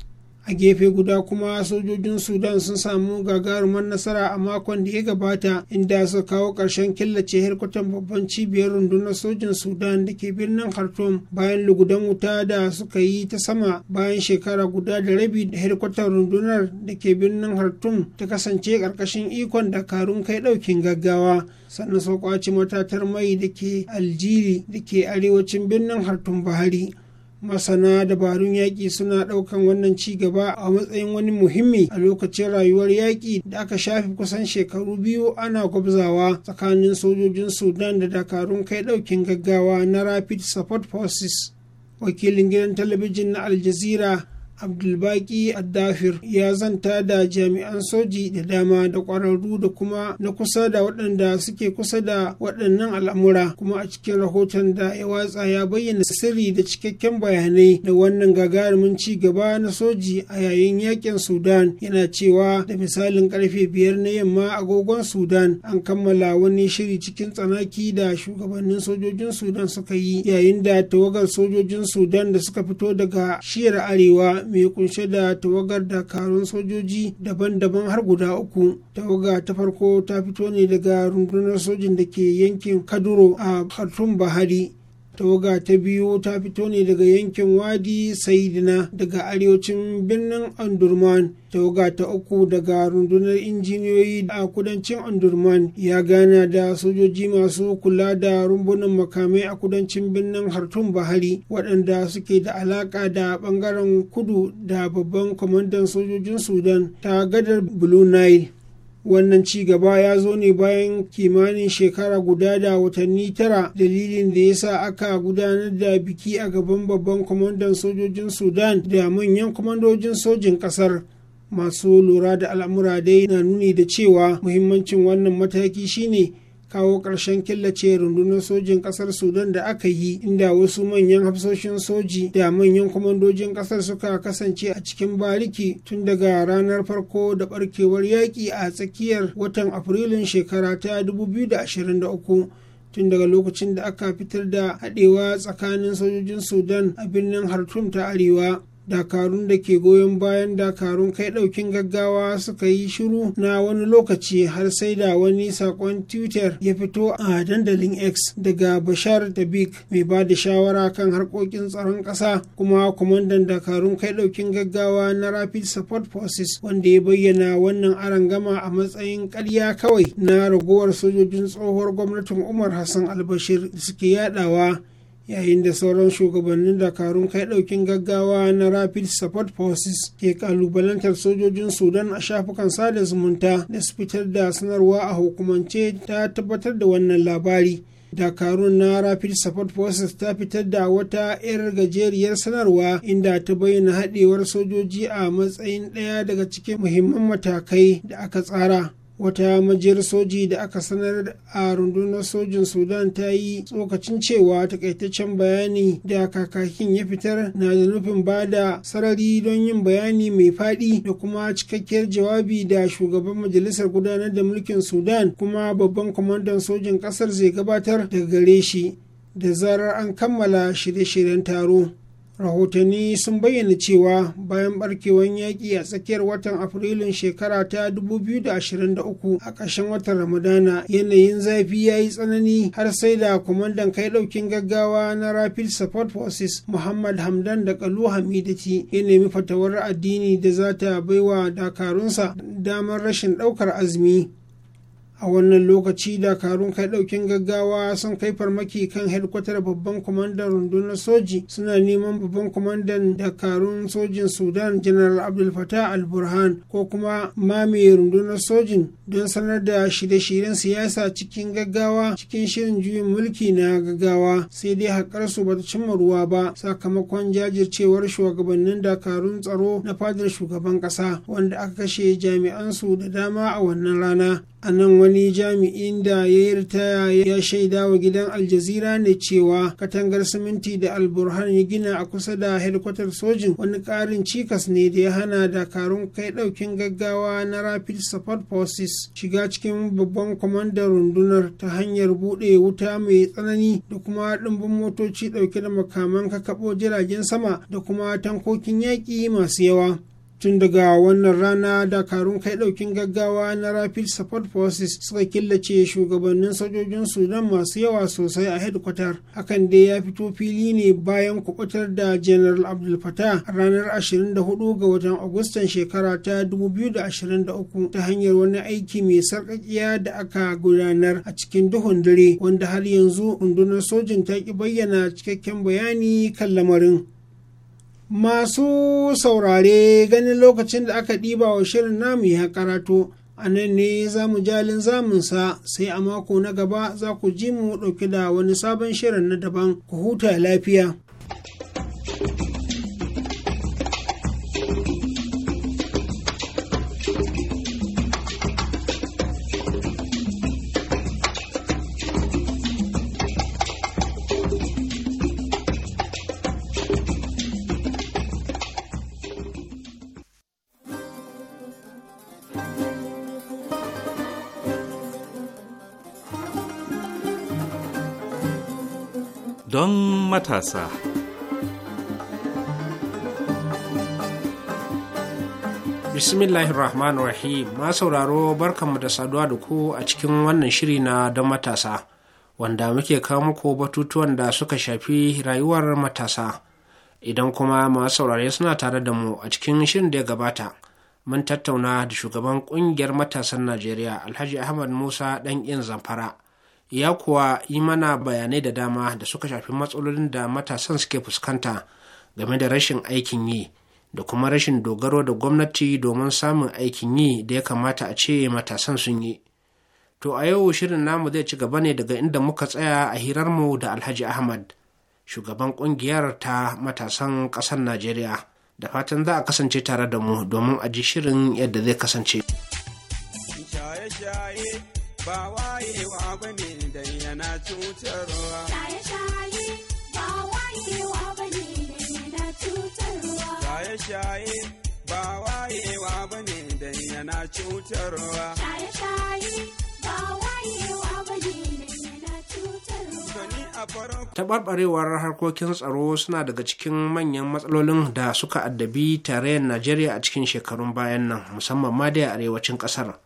a gefe guda kuma sojojin sudan sun samu gagarumar nasara a makon da ya gabata inda suka kawo ƙarshen killace harkutan babban cibiyar rundunar sojin sudan da ke birnin khartoum bayan lugudan wuta da suka yi ta sama bayan shekara guda da rabi da harkutan rundunar da ke birnin khartoum ta kasance ƙarƙashin ikon dakarun kai ɗaukin gaggawa sannan sun matatar mai da ke aljiri da ke arewacin birnin khartoum bahari masana dabarun yaƙi suna ɗaukan wannan ci gaba a matsayin wani muhimmi a lokacin rayuwar yaƙi da aka shafi kusan shekaru biyu ana gwabzawa tsakanin sojojin sudan da dakarun kai ɗaukin gaggawa na rapid support forces wakilin gidan talabijin na Aljazeera. abdulbaki addafir ya zanta da jami'an soji da dama da ƙwararru da kuma na kusa da waɗanda suke kusa da waɗannan al'amura kuma a cikin rahoton da ya watsa ya bayyana sirri da cikakken bayanai da wannan gagarumin ci gaba na soji a yayin yakin sudan yana cewa da misalin karfe biyar na yamma agogon sudan an kammala wani shiri cikin tsanaki da shugabannin sojojin sudan suka yi yayin da tawagar sojojin sudan da suka fito daga shiyar arewa mai kunshe da tawagar dakarun sojoji daban-daban har guda uku tawaga ta farko ta fito ne daga rundunar sojin da ke yankin kaduro a khartoum bahari tawaga ta biyu ta fito ne daga yankin wadi saidina daga arewacin birnin andurman tawaga ta uku daga rundunar injiniyoyi a kudancin andurman ya gana da sojoji masu kula da rumbunan makamai a kudancin birnin hartun bahari waɗanda suke da alaƙa da ɓangaren kudu da babban kwamandan sojojin sudan ta gadar blue nile wannan ci gaba ya zo ne bayan kimanin shekara guda da watanni tara dalilin da ya sa aka gudanar da biki a gaban babban kwamandan sojojin sudan da manyan kwamandojin sojin kasar masu lura da al'amura dai na nuni da cewa muhimmancin wannan mataki shine kawo ƙarshen killace rundunar sojin ƙasar sudan da aka yi inda wasu manyan hafsoshin soji da manyan kwamandojin ƙasar suka kasance a cikin bariki tun daga ranar farko da ɓarkewar yaƙi a tsakiyar watan afrilun shekara ta 2023 tun daga lokacin da aka fitar da haɗewa tsakanin sojojin sudan a birnin hartum ta arewa dakarun da ke goyon bayan dakarun kai daukin gaggawa suka yi shiru na wani lokaci har sai da wani sakon twitter ya fito a dandalin x daga bashar da big mai ba da shawara kan harkokin tsaron ƙasa kuma kwamandan dakarun kai daukin gaggawa na rapid support forces wanda ya bayyana wannan gama a matsayin ƙarya kawai na ragowar sojojin tsohuwar gwamnatin umar hassan albashir suke yadawa yayin da sauran shugabannin dakarun kai daukin gaggawa na rapid support forces ke kalubalantar sojojin sudan a shafukan sada zumunta da su fitar da sanarwa a hukumance ta tabbatar da wannan labari dakarun na rapid support forces ta fitar da wata 'yar gajeriyar sanarwa inda ta bayyana haɗewar sojoji a matsayin ɗaya daga cikin muhimman matakai da aka tsara wata majiyar soji da aka sanar a rundunar sojin sudan ta yi tsokacin cewa takaitaccen bayani da kakakin ya fitar na da nufin bada sarari don yin bayani mai faɗi da kuma cikakkiyar jawabi da shugaban majalisar gudanar da mulkin sudan kuma babban kwamandan sojin ƙasar zai gabatar daga gare shi da zarar an kammala shirye-shiryen taro rahotanni sun bayyana cewa bayan barkewan yaƙi a tsakiyar watan afrilun shekara ta 2023 a ƙarshen watan ramadana yanayin zafi ya yi tsanani har sai da kwamandan kai ɗaukin gaggawa na rapid support forces muhammad hamdan da kalu hamidati ya nemi fatawar addini da za ta baiwa dakarunsa damar rashin ɗaukar azumi a wannan lokaci dakarun kai daukin gaggawa sun kai farmaki kan hedkwatar babban kwamandan rundunar soji suna neman babban kwamandan dakarun sojin sudan general abdul fatah al burhan ko kuma mami rundunar sojin don sanar da shirye-shiryen siyasa cikin gaggawa cikin shirin juyin mulki na gaggawa sai dai haƙar su bata cimma ruwa ba sakamakon jajircewar shugabannin dakarun tsaro na fadar shugaban ƙasa wanda aka kashe jami'an su da dama a wannan rana a nan wani jami'in da ya yi ritaya ya shaida wa gidan aljazira ne cewa katangar siminti da alburhan ya gina a kusa da hedkwatar sojin wani ƙarin cikas ne da ya hana dakarun kai ɗaukin gaggawa na rapid support forces shiga cikin babban kwamandan rundunar ta hanyar buɗe wuta mai tsanani da kuma ɗumbin motoci ɗauke da makaman kakaɓo jiragen sama da kuma tankokin yaƙi masu yawa tun daga wannan rana dakarun kai daukin gaggawa na rapid support forces suka killace shugabannin sojojin sudan masu yawa sosai a hedkwatar hakan dai ya fito fili ne bayan kubutar da general abdul fatah ranar 24 ga watan agustan shekara ta 2023 ta hanyar wani aiki mai sarkakiya da aka gudanar a cikin duhun dare wanda har yanzu rundunar sojin ta ki bayyana cikakken bayani kan lamarin Masu saurare ganin lokacin da aka ɗiba wa shirin namu ya karatu a nan ne za mu jalin zamunsa sai a mako na gaba za ku ji mu ɗauki da wani sabon shirin na daban ku huta lafiya. matasa. Bismillahirrahmanirrahim ma sauraro barkanmu da saduwa da ku a cikin wannan shiri na don matasa, wanda muke kawo muku batutuwan da suka shafi rayuwar matasa. Idan kuma masu saurare suna tare da mu a cikin shirin da ya gabata, mun tattauna da shugaban ƙungiyar matasan Najeriya Alhaji Ahmad Musa ɗan yin zamfara. ya kuwa yi mana bayanai da dama da suka shafi matsalolin da matasan suke fuskanta game da rashin aikin yi da kuma rashin dogaro da gwamnati domin samun aikin yi da ya kamata a ce matasan sun yi to a yau shirin namu zai ci gaba ne daga inda muka tsaya a hirarmu da alhaji ahmad shugaban kungiyar ta matasan ƙasar najeriya da fatan za a kasance tare da mu domin a ji shirin yadda zai kasance cutarwa shaye-shaye ba wayewa taɓarɓarewar harkokin tsaro suna daga cikin manyan matsalolin da suka addabi tarayyar najeriya a cikin shekarun bayan nan musamman ma da a arewacin ƙasar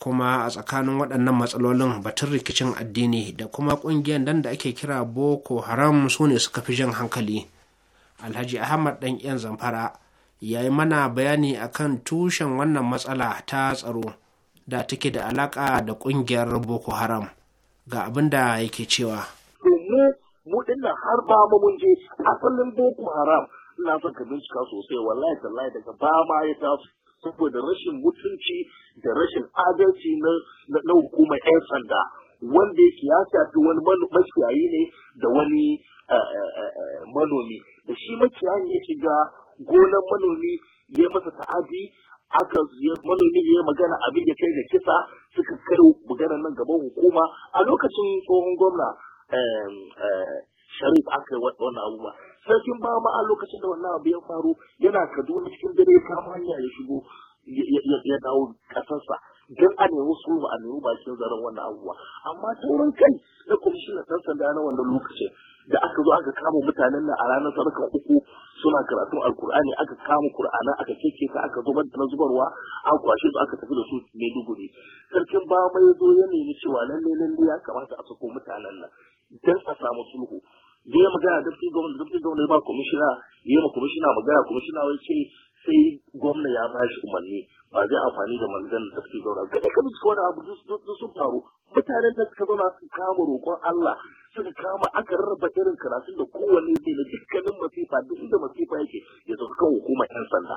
kuma a tsakanin waɗannan matsalolin batun rikicin addini da kuma ƙungiyar dan da ake kira boko haram su ne suka fi jin hankali alhaji ahmad ɗan yan zamfara ya yi mana bayani akan tushen wannan matsala ta tsaro da take da alaƙa da ƙungiyar boko haram ga abin da yake cewa mu dinnan har ba mu asalin boko haram na son ka bincika sosai wallahi tallahi daga ba ma ya taso saboda rashin mutunci da rashin adalci na hukumar 'yan sanda wanda yake ya shafi wani makiyayi ne da wani eh, eh, eh, manomi da shi makiyayi ya shiga gonan manomi ya masa ta'adi aka manomi ya magana abin da kai da kisa suka kai magana nan gaban hukuma a lokacin tsohon gwamna sharif aka yi wannan abubuwa sarkin ba ma a lokacin da wannan abu ya faru yana kaduna cikin dare kama hanya ya shigo ya dawo kasarsa don a nemi sulhu a nemi bakin zaren wannan abubuwa amma taurin kai na kwamishinan ɗan sanda na wannan lokacin da aka zo aka kama mutanen nan a ranar sarkar uku suna karatun alkur'ani aka kama kur'ana aka keke ka aka zubar da zubarwa an kwashe su aka tafi da su maiduguri sarkin ba mai zo ya nemi cewa lalle lalle ya kamata a sako mutanen nan don a samu sulhu da ya magana da dafti gwamna dafti gwamna ba kwamishina ya ma kwamishina magana kwamishina wai ce sai gwamna ya ba shi umarni ba zai amfani da manzan da dafti gwamna kada ka bi wani abu duk sun faru mutanen da suka zama su kama roƙon Allah sun kama aka rarraba irin karatun da kowanne zai na dukkanin masifa duk inda masifa yake ya zo kan hukumar 'yan sanda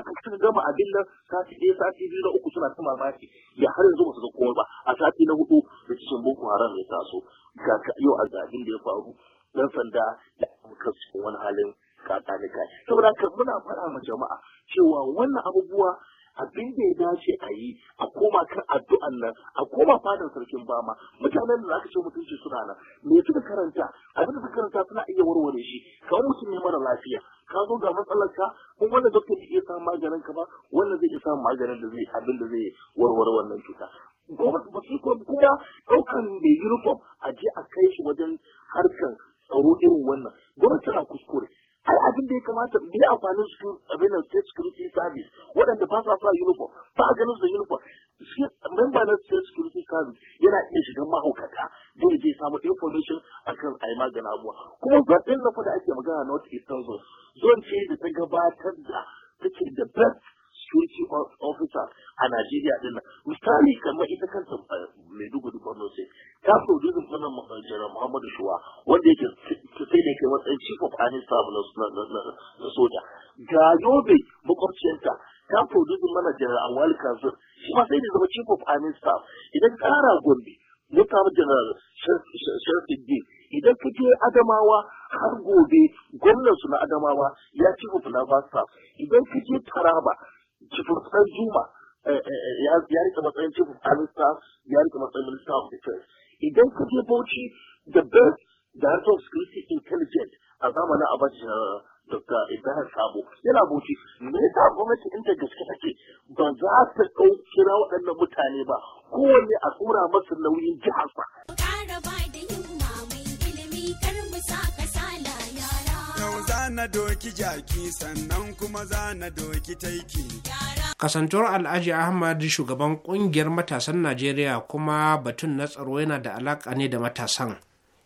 aka suka gama abin nan sati ɗaya sati biyu na uku suna ta mamaki ya har yanzu ba su ga ba a sati na hudu da cikin boko haram ya taso ga yau a da ya faru dan sanda ya muka cikin wani halin kata da kai saboda ka muna faɗa ma jama'a cewa wannan abubuwa abin da ya dace a yi a koma kan addu'an nan a koma fadar sarkin bama mutanen da zaka ce mutunci suna nan me suka karanta abin da suka karanta suna iya warware shi kamar mutum ne mara lafiya ka zo ga matsalarka kun wanda doktor ke iya samun maganin ka ba wannan zai iya samun maganin da zai abin da zai warware wannan cuta gwamnati ba su kuma ɗaukan mai uniform a je a kai shi wajen harkar tsaro irin wannan gwamnati tana kuskure har abin da ya kamata bi amfanin su abin da state security service waɗanda ba sa sa uniform ba a ganin su uniform shi member na state security service yana iya shiga mahaukata zai je samu information akan ai magana abuwa kuma zaɓen na fa da ake magana north eastern zone zone ce da ta gabatar da take da best security officer a Najeriya din nan misali kamar ita kanta eh, Maiduguri Borno sai ta producing wannan eh, General Muhammadu Shuwa wanda yake sai da yake matsayin chief of army staff na soja ga Yobe makwabciyarta ta producing mana General Anwali Kazir shi ma sai da zama chief of army staff idan kara Gombe ya samu General Sharfuddin idan ka je Adamawa har gobe gwamnan su na Adamawa ya ci na basa idan ka je Taraba Shifurtar Juma eh, eh, eh, ya rika matsayin Chief of Army Staff, ya rika matsayin Minister of Defense. Idan ka je Bauchi, the best Director of Security Intelligence a zamanin Abacha Dr. Ibrahim Sabo yana Bauchi. Me yasa gwamnati in ta gaske take ba za ta ɗau kira waɗannan mutane ba kowanne a tsura masa nauyin jihar ba. na doki jaki sannan kuma za na doki taiki. Kasantuwar al'aji Ahmad shugaban kungiyar matasan Najeriya kuma batun na tsaro yana da alaƙa ne da matasan.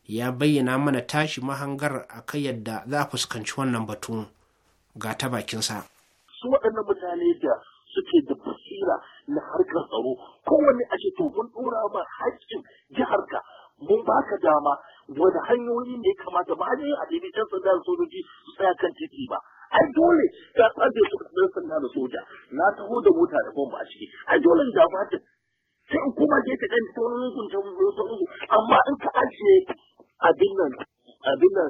Ya bayyana mana tashi mahangar a kai yadda za a fuskanci wannan batu ga ta bakinsa. Su waɗannan mutane da suke da basira na harkar tsaro kowanne ake to mun ɗora ma haƙƙin jiharka mun baka dama Wani hanyoyi hanyoyin da ya kamata ba ne a daidai can sanda da sojoji su tsaya kan titi ba ai dole ta tsaje su ɗan sanda da soja na taho da mota da bomba a ciki ai dole da fatin? ta sai in kuma je ta ɗan ta wani rukun ta wani amma in ka ajiye abin nan abin nan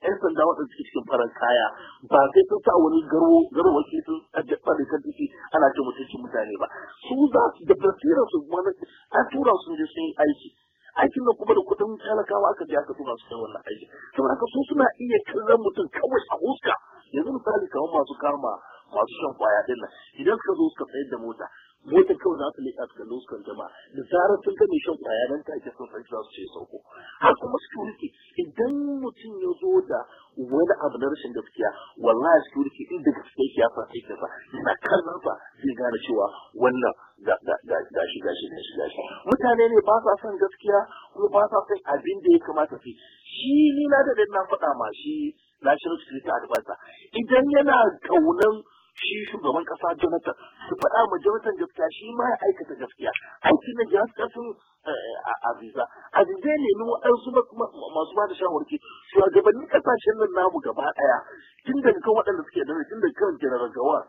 ɗan sanda waɗanda suke cikin farar kaya ba sai sun sa wani garo garo wace sun ajiyar da kan titi ana ce mutuncin mutane ba su za su da basirar su wani an tura su ne sun yi aiki aikin da kuma da kudin talakawa aka je aka masu su kai wannan aiki saboda haka su suna iya kiran mutum kawai a huska yanzu misali kamar masu kama masu shan kwaya din idan suka zo suka tsayar da mota mota kawai za su leƙa su kallo su kan jama'a da zarar sun gane shan kwaya nan ta ake son sarki za su ce sauko har kuma security idan mutum ya zo da wani abu na rashin gaskiya wallahi security in da gaske ya fara ta ba yana kallon ba zai gane cewa wannan gashi gashi gashi gashi mutane ne ba sa son gaskiya kuma ba sa son abin da ya kamata fi shi ni na da na faɗa ma shi national security advisor idan yana kaunan shi shugaban kasa Jonathan su faɗa ma Jonathan gaskiya shi ma ya aikata gaskiya aikin nan jihar sun aziza aziza ne ni waɗansu masu ba da shawarci shugabannin kasashen nan namu gaba ɗaya tun daga kan waɗanda suke da tun daga kan general gawar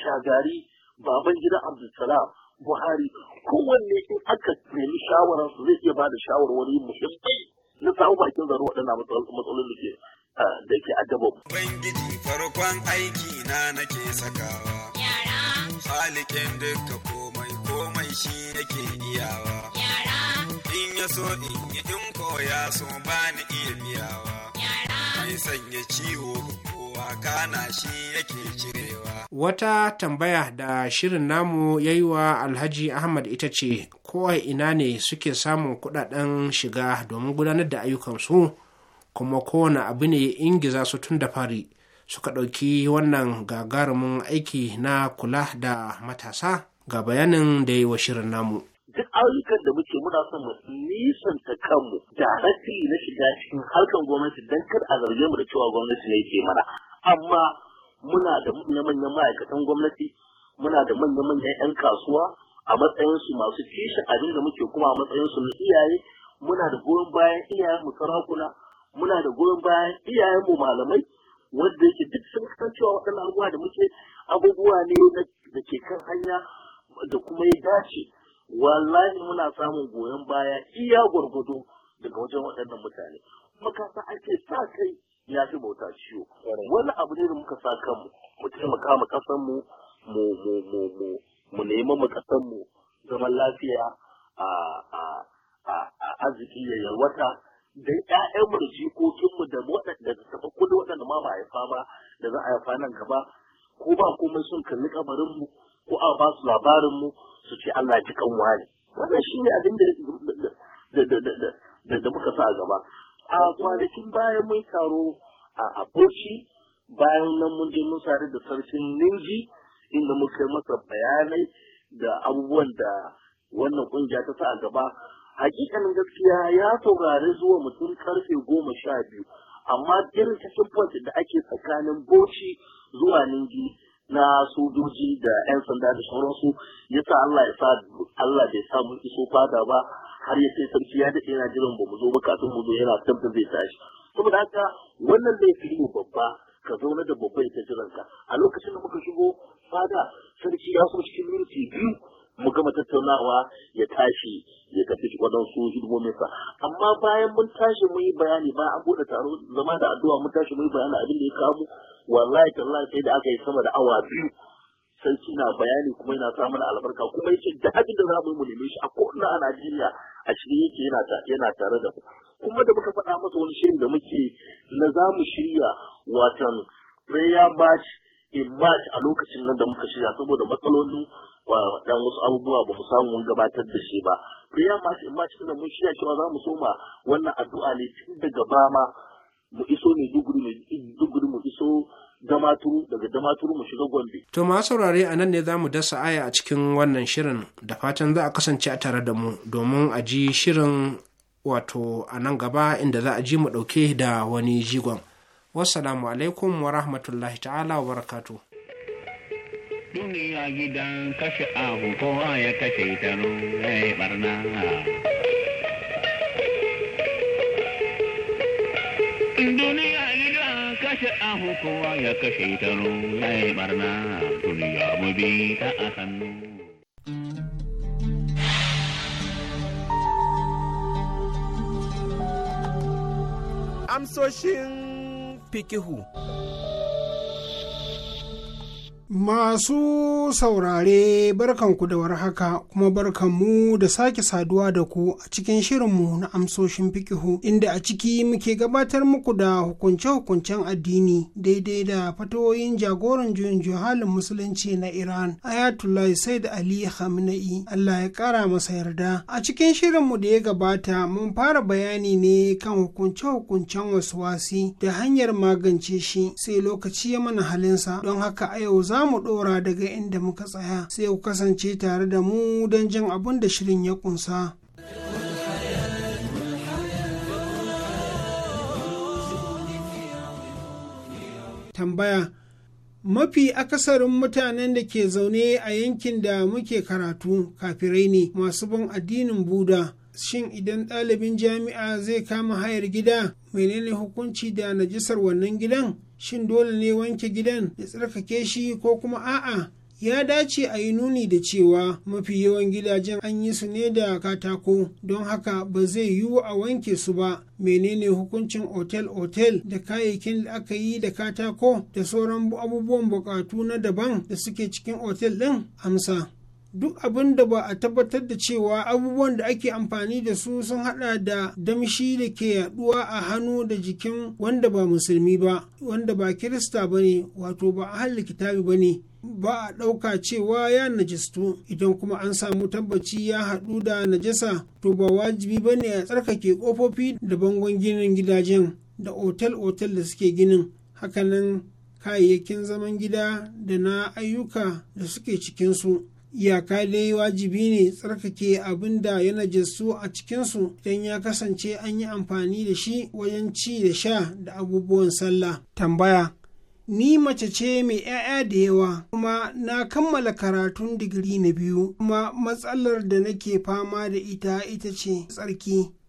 shagari baban gida abdulsalam buhari kowanne in aka nemi shawararsu zai iya ba da shawarwari muhimmai na samu bakin zaro waɗannan matsalolin da ke da ke adabo. Ubangiji farkon aiki na nake sakawa. Yara. Halikin duka komai komai shi nake iyawa. Yara. In ya so in yi in koya so ba ni iya biyawa. Yara. Mai sanya ciwo kowa kana shi yake cirewa. Wata tambaya da shirin namu ya yi wa Alhaji Ahmad ita ce, ko ina ne suke samun kuɗaɗen shiga domin gudanar da ayyukansu? kuma kowane abu ne ya ingiza su tun da fari suka ɗauki wannan gagarumin aiki na kula da matasa ga bayanin da yi wa shirin namu. duk ayyukan da muke muna son mu nisanta kanmu da rafi na shiga cikin harkan gwamnati don kar a zarge mu da cewa gwamnati ne ke mana amma muna da manyan ma'aikatan gwamnati muna da manya-manyan 'yan kasuwa a matsayinsu masu kishin abin da muke kuma a matsayinsu na iyaye muna da goyon bayan iyayen mu sarakuna muna da goyon bayan iyayenmu malamai wanda yake duk sun san cewa waɗannan abubuwa da muke abubuwa ne da ke kan hanya da kuma ya dace wallahi muna samun goyon baya iya gwargwado daga wajen waɗannan mutane kuma ka san ake sa kai ya fi bauta ciwo wani abu ne da muka sa kanmu mu taimaka mu kasan mu mu mu mu mu mu nemi mu kasan mu zaman lafiya a a a a arziki ya yalwata da mu da jikokinmu da waɗanda da taɓa kudu waɗanda ma ba haifa ba da za a haifa nan gaba ko ba komai sun kalli mu ko a ba su labarinmu su ce Allah ji kan wani wannan shi abin da muka sa a gaba a kwanakin bayan mun taro a Bauchi bayan nan mun je mun sare da sarkin Ninji inda muka yi masa bayanai da abubuwan da wannan kungiya ta sa a gaba hakikanin gaskiya ya saurari zuwa mutum karfe goma sha biyu amma irin ta da ake tsakanin boci zuwa ningi na sojoji da 'yan sanda da sauransu ya sa Allah ya sa Allah bai sa iso fada ba har ya sai sarki ya daɗe yana jiran ba mu zo ba kafin mu zo yana tabbatar zai tashi saboda haka wannan laifi mu babba ka zauna da babba ya ta jiran a lokacin da muka shigo fada sarki ya so cikin minti biyu mu gama tattaunawa ya tashi ya tafi waɗansu hidimominsa amma bayan mun tashi mun yi bayani ba an buɗe taro zama da addu'a mun tashi mun yi bayani abin da ya kamu wallahi tallahi sai da aka yi sama da awa biyu sarki na bayani kuma yana sa mana albarka kuma yace da abin da za mu yi mu neme shi a ko'ina a Najeriya a cikin yake yana yana tare da mu kuma da muka faɗa masa wani shirin da muke na za mu shirya watan prayer march in march a lokacin nan da muka shirya saboda matsalolin Waɗannan wasu abubuwa ba mu samu mun gabatar da shi ba to ya ma in ma mun shirya cewa za mu soma wannan addu'a ne tun daga bama mu iso ne duguri ne duguri mu iso damaturu daga damaturu mu shiga gombe. To ma saurare a nan ne za mu dasa aya a cikin wannan shirin da fatan za a kasance a tare da mu domin a ji shirin wato a nan gaba inda za a ji mu ɗauke da wani jigon. Wassalamu alaikum wa rahmatullahi ta'ala wa barakatu. duniya gidan kashe abu kowa ya kashe ta ruwa barna duniya gidan kashe abu kowa ya kashe ta ruwa barna duniya mu bi ta a hannu amsoshin fikihu. Masu saurare barkanku da warhaka kuma barkanmu da sake saduwa da ku a cikin shirinmu na amsoshin fikihu inda a ciki muke gabatar muku da hukunce-hukuncen addini daidai da fatoyin jagoran juyin juhalin musulunci na Iran Ayatollah Said Ali Khamenei Allah ya kara masa yarda. A cikin shirinmu da ya gabata mun fara bayani ne kan hukunce-hukuncen wasu wasi da hanyar magance shi sai lokaci ya mana halinsa don haka a yau za za mu ɗora daga inda muka tsaya sai ku kasance tare da mu don jin abin da shirin ya ƙunsa. Tambaya mafi akasarin mutanen da ke zaune a yankin da muke karatu kafirai ne masu bin addinin buda shin idan ɗalibin jami'a zai kama hayar gida menene hukunci da najisar wannan gidan shin dole ne wanke gidan da tsarkake shi ko kuma a'a ya dace a yi nuni da cewa mafi yawan gidajen an yi su ne da katako don haka ba zai yiwu a wanke su ba menene hukuncin otel-otel da kayayyakin da aka yi da katako da sauran abubuwan bukatu na daban da suke cikin otel ɗin amsa duk abin da ba a tabbatar da cewa abubuwan da ake amfani da su sun hada da damshi da ke yaduwa a hannu da jikin wanda ba musulmi ba wanda ba kirista ba ne wato ba a ahal kitabi ba ne ba a ɗauka cewa ya najistu idan kuma an samu tabbaci ya haɗu da najasa to ba wajibi ba ne a tsarkake ƙofofi da bangon ginin gidajen da otel-otel da suke ginin hakanan kayayyakin zaman gida da na ayyuka da suke cikinsu iyaka dai wajibi ne tsarkake abin da ya su a cikinsu don ya kasance an yi amfani da shi wajen ci da sha da abubuwan sallah tambaya ni mace ce mai 'ya'ya da yawa kuma na kammala karatun digiri na biyu kuma matsalar da nake fama da ita ita ce tsarki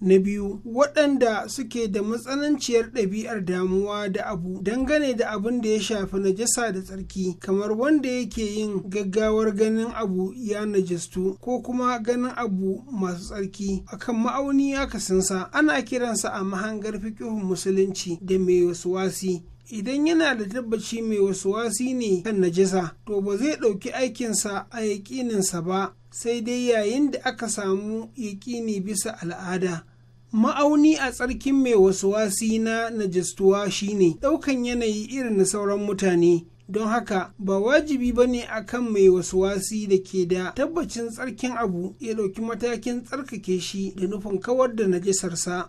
Na biyu, waɗanda suke da matsananciyar ɗabi'ar damuwa da abu dangane da abin da ya shafi najasa da tsarki, kamar wanda yake yin gaggawar ganin abu ya najistu ko kuma ganin abu masu tsarki akan ma'auni kasansa, ana kiransa a mahangar fikihun musulunci da mai wasu wasi. idan yana da tabbaci mai wasu wasi ne kan najisa, to ba zai ɗauki aikinsa a yaƙininsa ba sai dai yayin da aka samu yaƙini bisa al'ada ma'auni a tsarkin mai wasu wasi na najistuwa shine ɗaukan yanayi irin na sauran mutane don haka ba wajibi ba ne a kan mai wasuwasi da ke da tabbacin tsarkin abu ya ɗauki matakin tsarkake shi da nufin kawar da najisarsa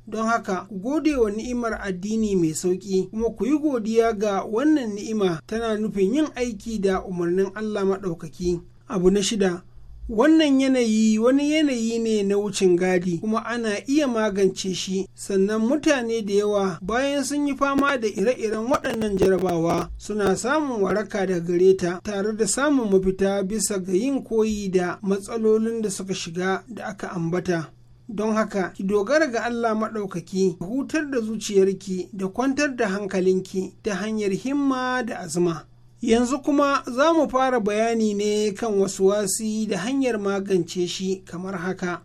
don haka ku gode wa ni'imar addini mai sauƙi kuma ku yi godiya ga wannan ni'ima tana nufin yin aiki da umarnin Allah maɗaukaki abu na shida wannan yanayi wani yanayi ne na wucin gadi kuma ana iya magance shi sannan mutane da yawa bayan sun yi fama da ire-iren waɗannan jarabawa suna samun waraka da gare ta tare da samun mafita bisa ga yin koyi da matsalolin da suka shiga da aka ambata don haka ki dogara ga Allah maɗaukaki hutar da zuciyarki da kwantar da hankalinki ta hanyar himma da azuma yanzu kuma za mu fara bayani ne kan wasu wasi da hanyar magance shi kamar haka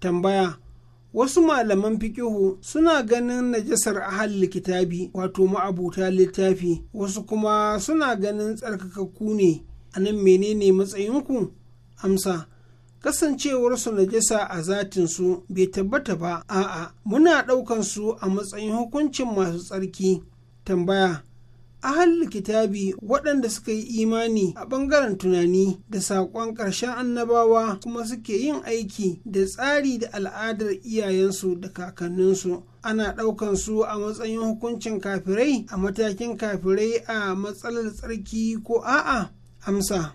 tambaya wasu malaman fikihu suna ganin najasar ahal kitabi wato ma'abuta littafi wasu kuma suna ganin tsarkakakku ne a nan menene matsayinku amsa kasancewarsu jisa a zatinsu bai tabbata ba a'a muna ɗaukan su a matsayin hukuncin masu tsarki tambaya a halin kitabi waɗanda suka yi imani a ɓangaren tunani da saƙon ƙarshen annabawa kuma suke yin aiki da tsari da al'adar iyayensu da kakanninsu ana ɗaukan su a matsayin hukuncin kafirai a matakin kafirai a matsalar tsarki ko a'a amsa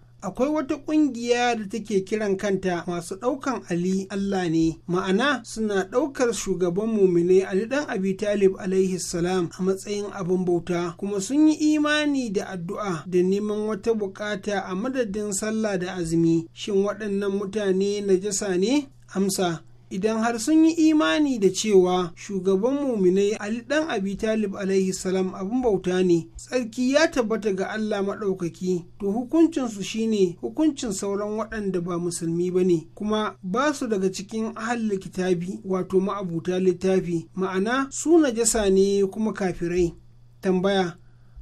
akwai wata ƙungiya da take kiran kanta masu ɗaukan Ali Allah ne ma'ana suna ɗaukar shugaban mumine Ali ɗan Abi Talib alaihi salam a matsayin abin bauta kuma sun yi imani da addu'a da neman wata buƙata a madadin sallah da azumi shin waɗannan mutane najasa ne amsa idan har sun yi imani da cewa shugaban muminai Ali dan Abi Talib alaihi salam abin bauta ne tsarki ya tabbata ga Allah maɗaukaki to hukuncin su shine hukuncin sauran waɗanda ba musulmi bane kuma ba su daga cikin ahalli kitabi wato ma'abuta littafi ma'ana su najasa ne kuma kafirai tambaya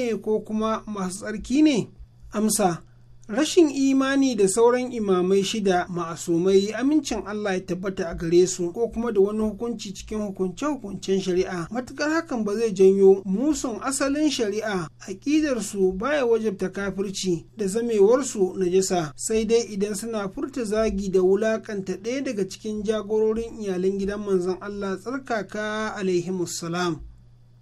eh ko kuma masu tsarki ne amsa rashin imani da sauran imamai shida ma'asumai amincin Allah ya tabbata a gare su ko kuma da wani hukunci cikin hukunce-hukuncen shari'a matuƙar hakan ba zai janyo musun asalin shari'a aƙidar su baya wajabta kafirci da zamewarsu na najasa sai dai idan suna furta zagi da wulaƙanta ɗaya daga cikin jagororin iyalan gidan manzon Allah tsarkaka salam.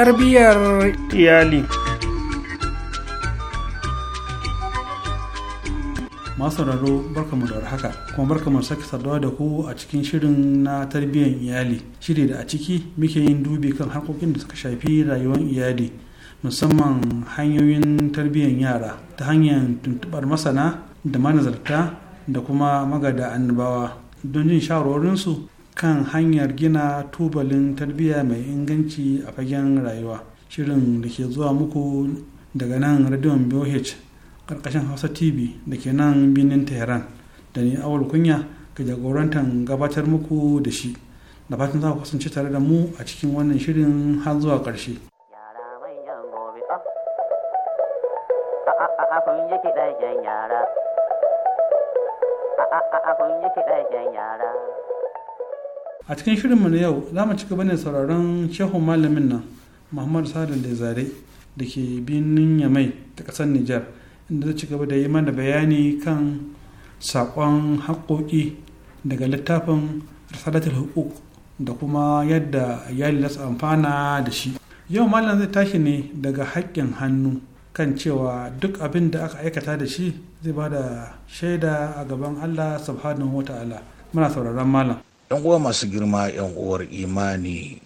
tarbiyyar iyali masu raro barkamu da haka kuma barkamu sake saduwa da ku a cikin shirin na tarbiyyar iyali shiri da a ciki muke yin dubi kan harkokin da suka shafi rayuwar iyali musamman hanyoyin tarbiyyar yara ta hanyar tuntubar masana da manazarta da kuma magada annabawa don jin shawarwarinsu kan hanyar gina tubalin tarbiyya mai inganci a fagen rayuwa shirin da ke zuwa muku daga nan radion boh karkashin hausa tv da ke nan binin tehran da ni awal kunya ga jagorantar gabatar muku da shi da fatan za ku kasance tare da mu a cikin wannan shirin har zuwa ƙarshe. yara a cikin shirinmu na yau za mu ci gaba ne sauraron shehun malamin nan muhammadu salim da zare da ke binin yamai ta ƙasar nijar inda zai ci gaba da yi mana bayani kan saƙon haƙoƙi daga littafin risalatul hukuk da kuma yadda iyali za amfana da shi yau malam zai tashi ne daga haƙƙin hannu kan cewa duk abin da aka aikata da shi zai ba da shaida a gaban allah subhanahu wa ta'ala muna sauraron malam yan uwa masu girma yan uwar imani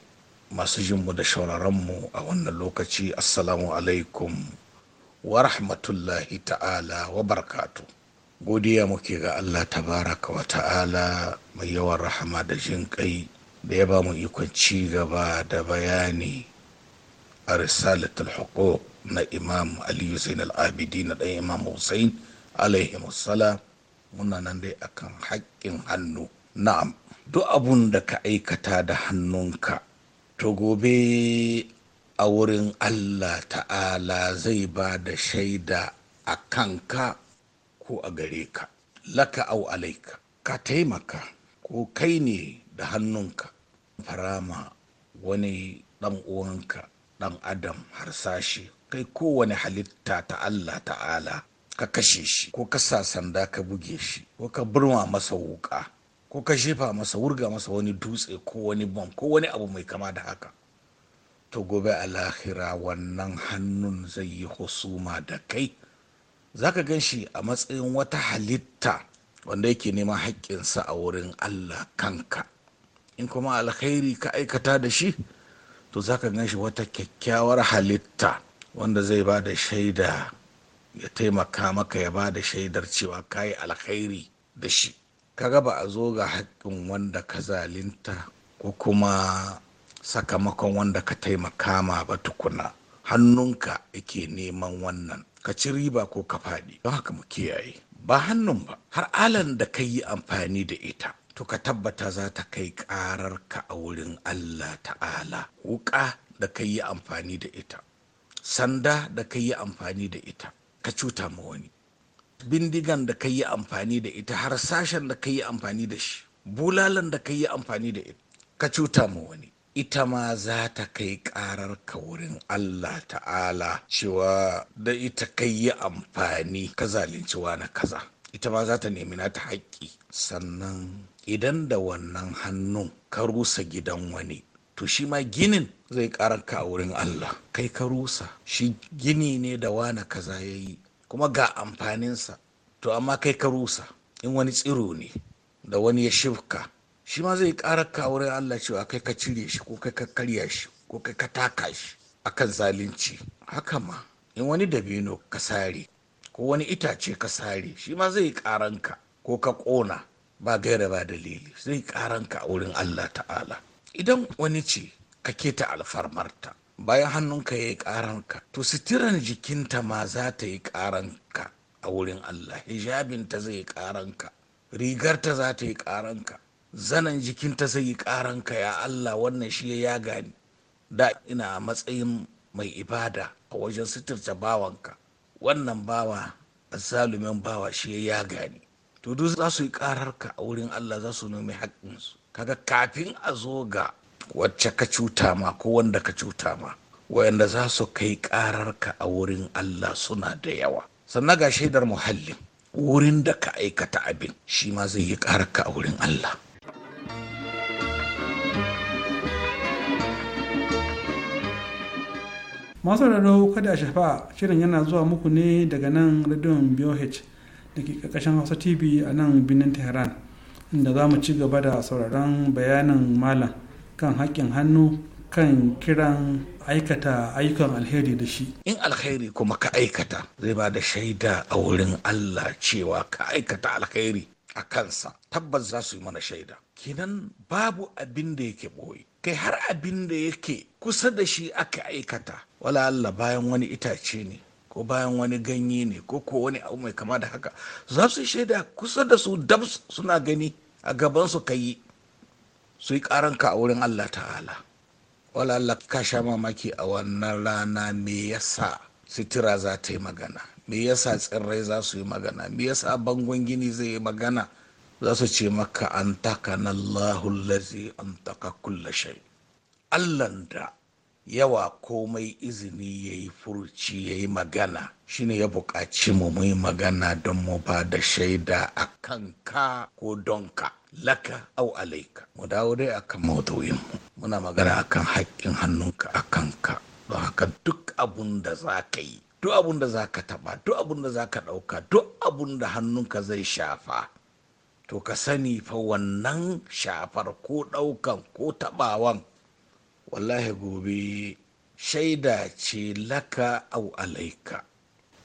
masu jinmu da mu a wannan lokaci assalamu alaikum wa rahmatullahi ta'ala wa barkatu godiya muke ga allah tabaraka wa ta'ala mai yawan rahama da jin kai da ya ba mu ikon ci gaba da bayani a risalatul huquq na imam ali hussein al-abidi na ɗan imam hussein alaihi muna nan dai akan haƙƙin hannu na'am duk abun da ka aikata da hannunka to gobe a wurin allah ta'ala zai ba da shaida a kanka ko a gare ka laka au alaika ka taimaka ko kai ne da hannunka farama wani ɗan'uwanka uwanka ɗan adam harsashi kai kowane halitta ta allah ta'ala ka kashe shi ko ka sa sanda ka buge shi ko ka burma masa wuƙa ko ka shefa masa wurga masa wani dutse ko wani bom ko wani abu mai kama da haka to gobe a lahira wannan hannun zai yi husuma da kai za ka gan shi a matsayin wata halitta wanda yake neman haƙƙinsa a wurin allah kanka in kuma alkhairi ka aikata da shi to za ka gan shi wata kyakkyawar halitta wanda zai ba da shaida ya taimaka maka ya ba da shaidar cewa ka yi alkhairi da shi kaga ba a zo ga haƙƙin wanda ka zalinta ko kuma sakamakon wanda ka taimaka ma ba tukuna hannunka yake neman wannan ka ci riba ko ka faɗi don haka mu kiyaye ba hannun ba har alan da ka yi amfani da ita to ka tabbata za ta kai ƙararka a wurin allah ta'ala wuƙa da ka yi amfani da ita sanda da ka yi amfani da ita ka cuta ma wani bindigan da ka yi amfani da ita har sashen da ka yi amfani da shi bulalan da ka yi amfani da ita ka cuta ma wani ita ma za ta kai karar ka wurin Allah ta'ala cewa da ita ka yi amfani ka zalunci wani kaza ita ma za ta nemi nata haƙƙi sannan idan da wannan hannun ka rusa gidan wani to shi ma ginin zai karar ka a wurin Allah kai ka rusa shi gini ne da wani kaza ya yi kuma ga amfaninsa to amma kai ka rusa in wani tsiro ne da wani ya shifka shi ma zai ƙara ka wurin Allah cewa kai ka cire shi ko kai ka karya shi ko kai ka taka shi akan zalunci haka ma in wani dabino ka sare ko wani itace ka sare shi ma zai ƙaranka ko ka ƙona ba gaira ba dalili zai ƙaranka a wurin Allah ta'ala idan wani ce ka keta alfarmarta bayan hannunka ya yi ƙaranka to sitiran jikinta ma za ta yi ƙaranka a wurin Allah hijabinta zai yi ƙaranka rigarta za ta yi ƙaranka zanen jikinta zai yi ƙaranka ya Allah wannan shi ya gani da ina a matsayin mai ibada a wajen sitirta bawanka wannan bawa a zalumin bawa shi ya gani to duk za su yi ƙararka a wurin Allah za su nomi haƙƙinsu kaga kafin a zo ga wacce ka cuta ma ko wanda ka cuta ma wayanda za su kai ƙararka a wurin Allah suna da yawa sannan ga shaidar muhalli wurin da ka aikata abin shi ma zai yi ƙararka a wurin Allah masu raro kada a shafa shirin yana zuwa muku ne daga nan radion boh da ke ƙarƙashin hausa tv a nan birnin tehran inda za mu ci gaba da sauraron bayanin malam kan hakkin hannu kan kiran aikata ayyukan alheri da shi. In alheri kuma ka aikata zai ba da shaida a wurin Allah cewa ka aikata alheri a kansa tabbas za su yi mana shaida. Kinan babu abin da yake ɓoye, kai har abin da yake kusa da shi aka aikata. Wala Allah bayan wani itace ne, ko bayan wani ganye ne, ko ko wani abu mai kama da haka. Za su shaida kusa da su dabs suna gani a gabansu ka yi. su yi a wurin allah ta'ala wala allah ka sha mamaki a wannan rana me yasa sitira za ta yi magana me yasa tsirrai za su yi magana me yasa bangon gini zai yi magana za su ce maka an taka na lazi an taka kulla shai Allahn da yawa komai izini ya yi furci ya yi magana shine ya buƙaci mu yi magana don mu ba da shaida a kanka ko donka laka au alaika mu dawo dai akan maudu'in muna magana akan haƙƙin hannunka a ka. don haka duk abun da za ka yi duk abun da za ka taɓa duk abun da za ka ɗauka duk abun da hannunka zai shafa to ka sani fa wannan shafar ko ɗaukan ko taɓawan wallahi gobe shaida ce laka au alaika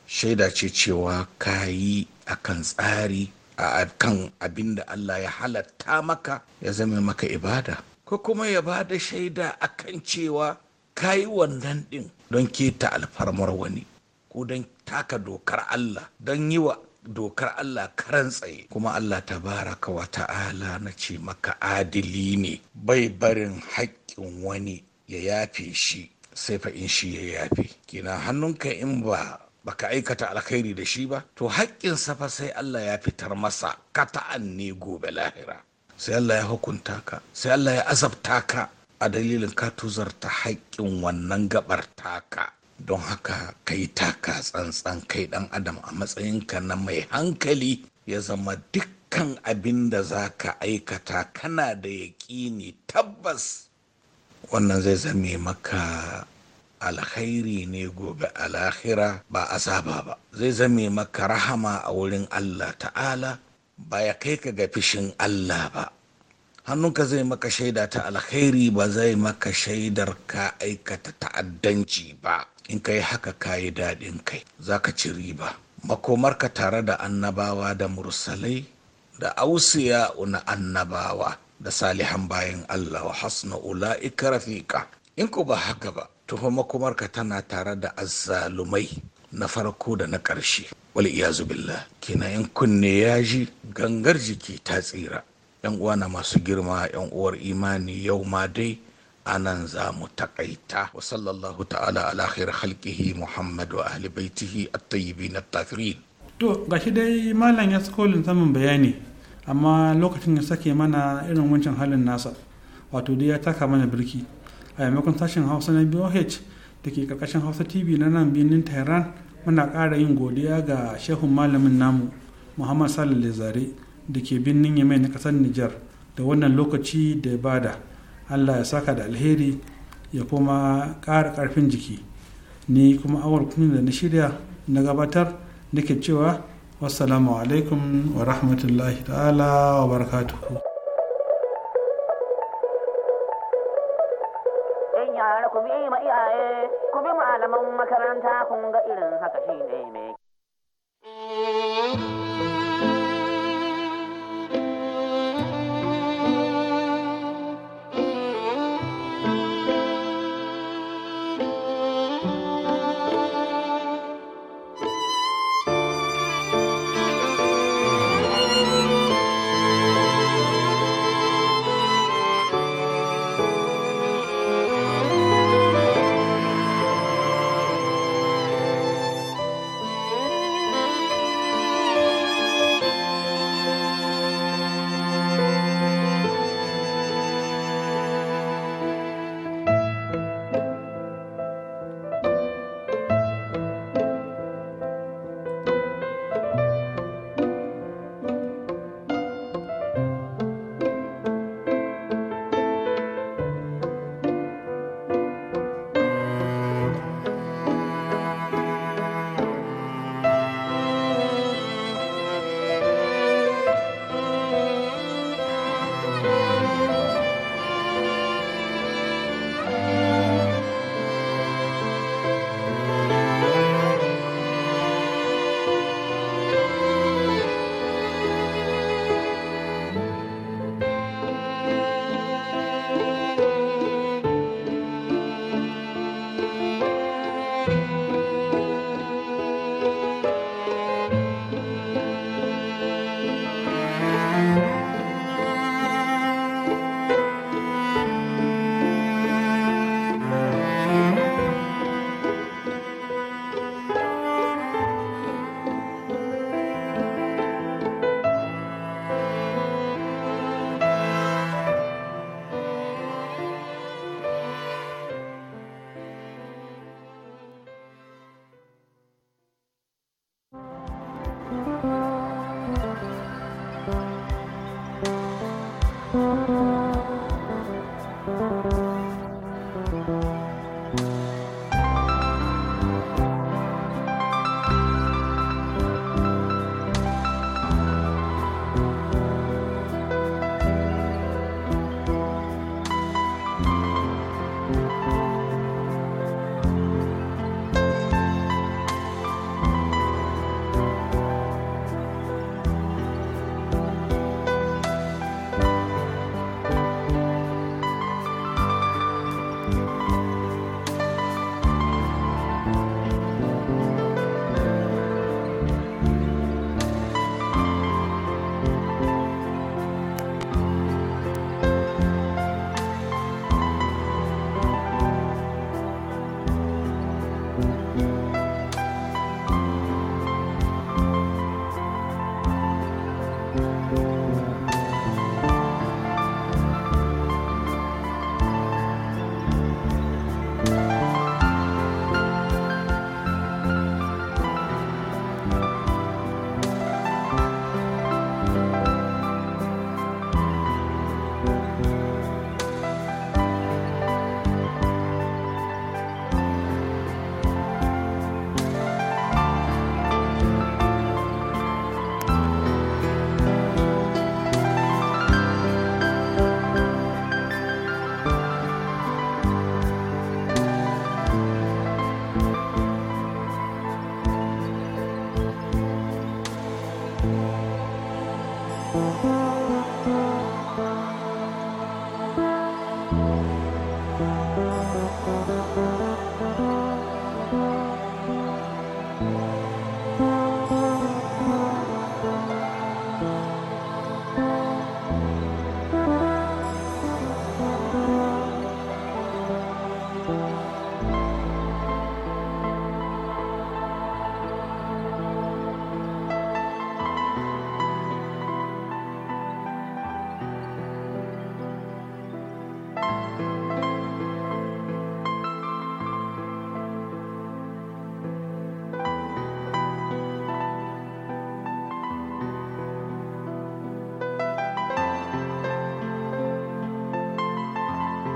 shaida ce cewa ka yi akan tsari a kan abin da Allah ya halatta maka ya zama maka ibada ko kuma ya ba da shaida kan cewa ka yi wannan ɗin don keta alfarmar wani ko don taka dokar Allah don yi wa dokar Allah karan tsaye kuma Allah ta baraka wa ta'ala na ce maka adili ne bai barin haƙƙin wani ya yafe shi sai fa in shi ya yafe kina hannunka in ba baka aikata alkhairi da shi ba to haƙƙinsa fa sai Allah ya fitar masa kata'an ne gobe lahira sai Allah ya hukunta ka sai Allah ya azabta ka a dalilin ka tuzarta haƙƙin wannan gabar taka don haka kai taka tsantsan kai ɗan adam a matsayinka na mai hankali ya zama dukkan abin da za ka aikata kana da yaƙini tabbas wannan zai zame maka alkhairi ne gobe lahira ba a azaba ba zai zame maka rahama a wurin allah ta'ala ba ya kai ka ga fishin allah ba hannunka zai maka shaida ta alkhairi ba zai maka shaidar ka aikata ta'addanci ba in ka yi haka ka yi daɗin kai za ka ci riba makomarka tare da annabawa da mursalai da ausiya na annabawa da salihan bayan allah wa hasna ula'ika rafiqa in ku ba haka ba tufa makomarka tana tare da azzalumai na farko da na ƙarshe wali iya billah kenan yan kunne ya ji gangar jiki ta tsira yan uwa na masu girma yan uwar imani yau ma dai anan za mu taƙaita. wa sallallahu ta'ala ala khair khalqihi muhammad wa ahli baitihi at-tayyibin at-tafirin to gashi dai malam ya skolin saman bayani amma lokacin ya sake mana irin wancan halin nasa wato dai ya taka mana birki a maimakon sashen hausa na boh da ke karkashin hausa tv na nan birnin tehran muna ƙara yin godiya ga shehun malamin namu muhammad salih zare da ke birnin yamai na ƙasar nijar da wannan lokaci da ya bada allah ya saka da alheri ya kuma ƙara ƙarfin jiki ni kuma awar kunin da na shirya na gabatar nake cewa wassalamu alaikum wa rahmatullahi ta'ala wa barakatuhu iyaye ku bi malaman makaranta kun ga irin haka shine mai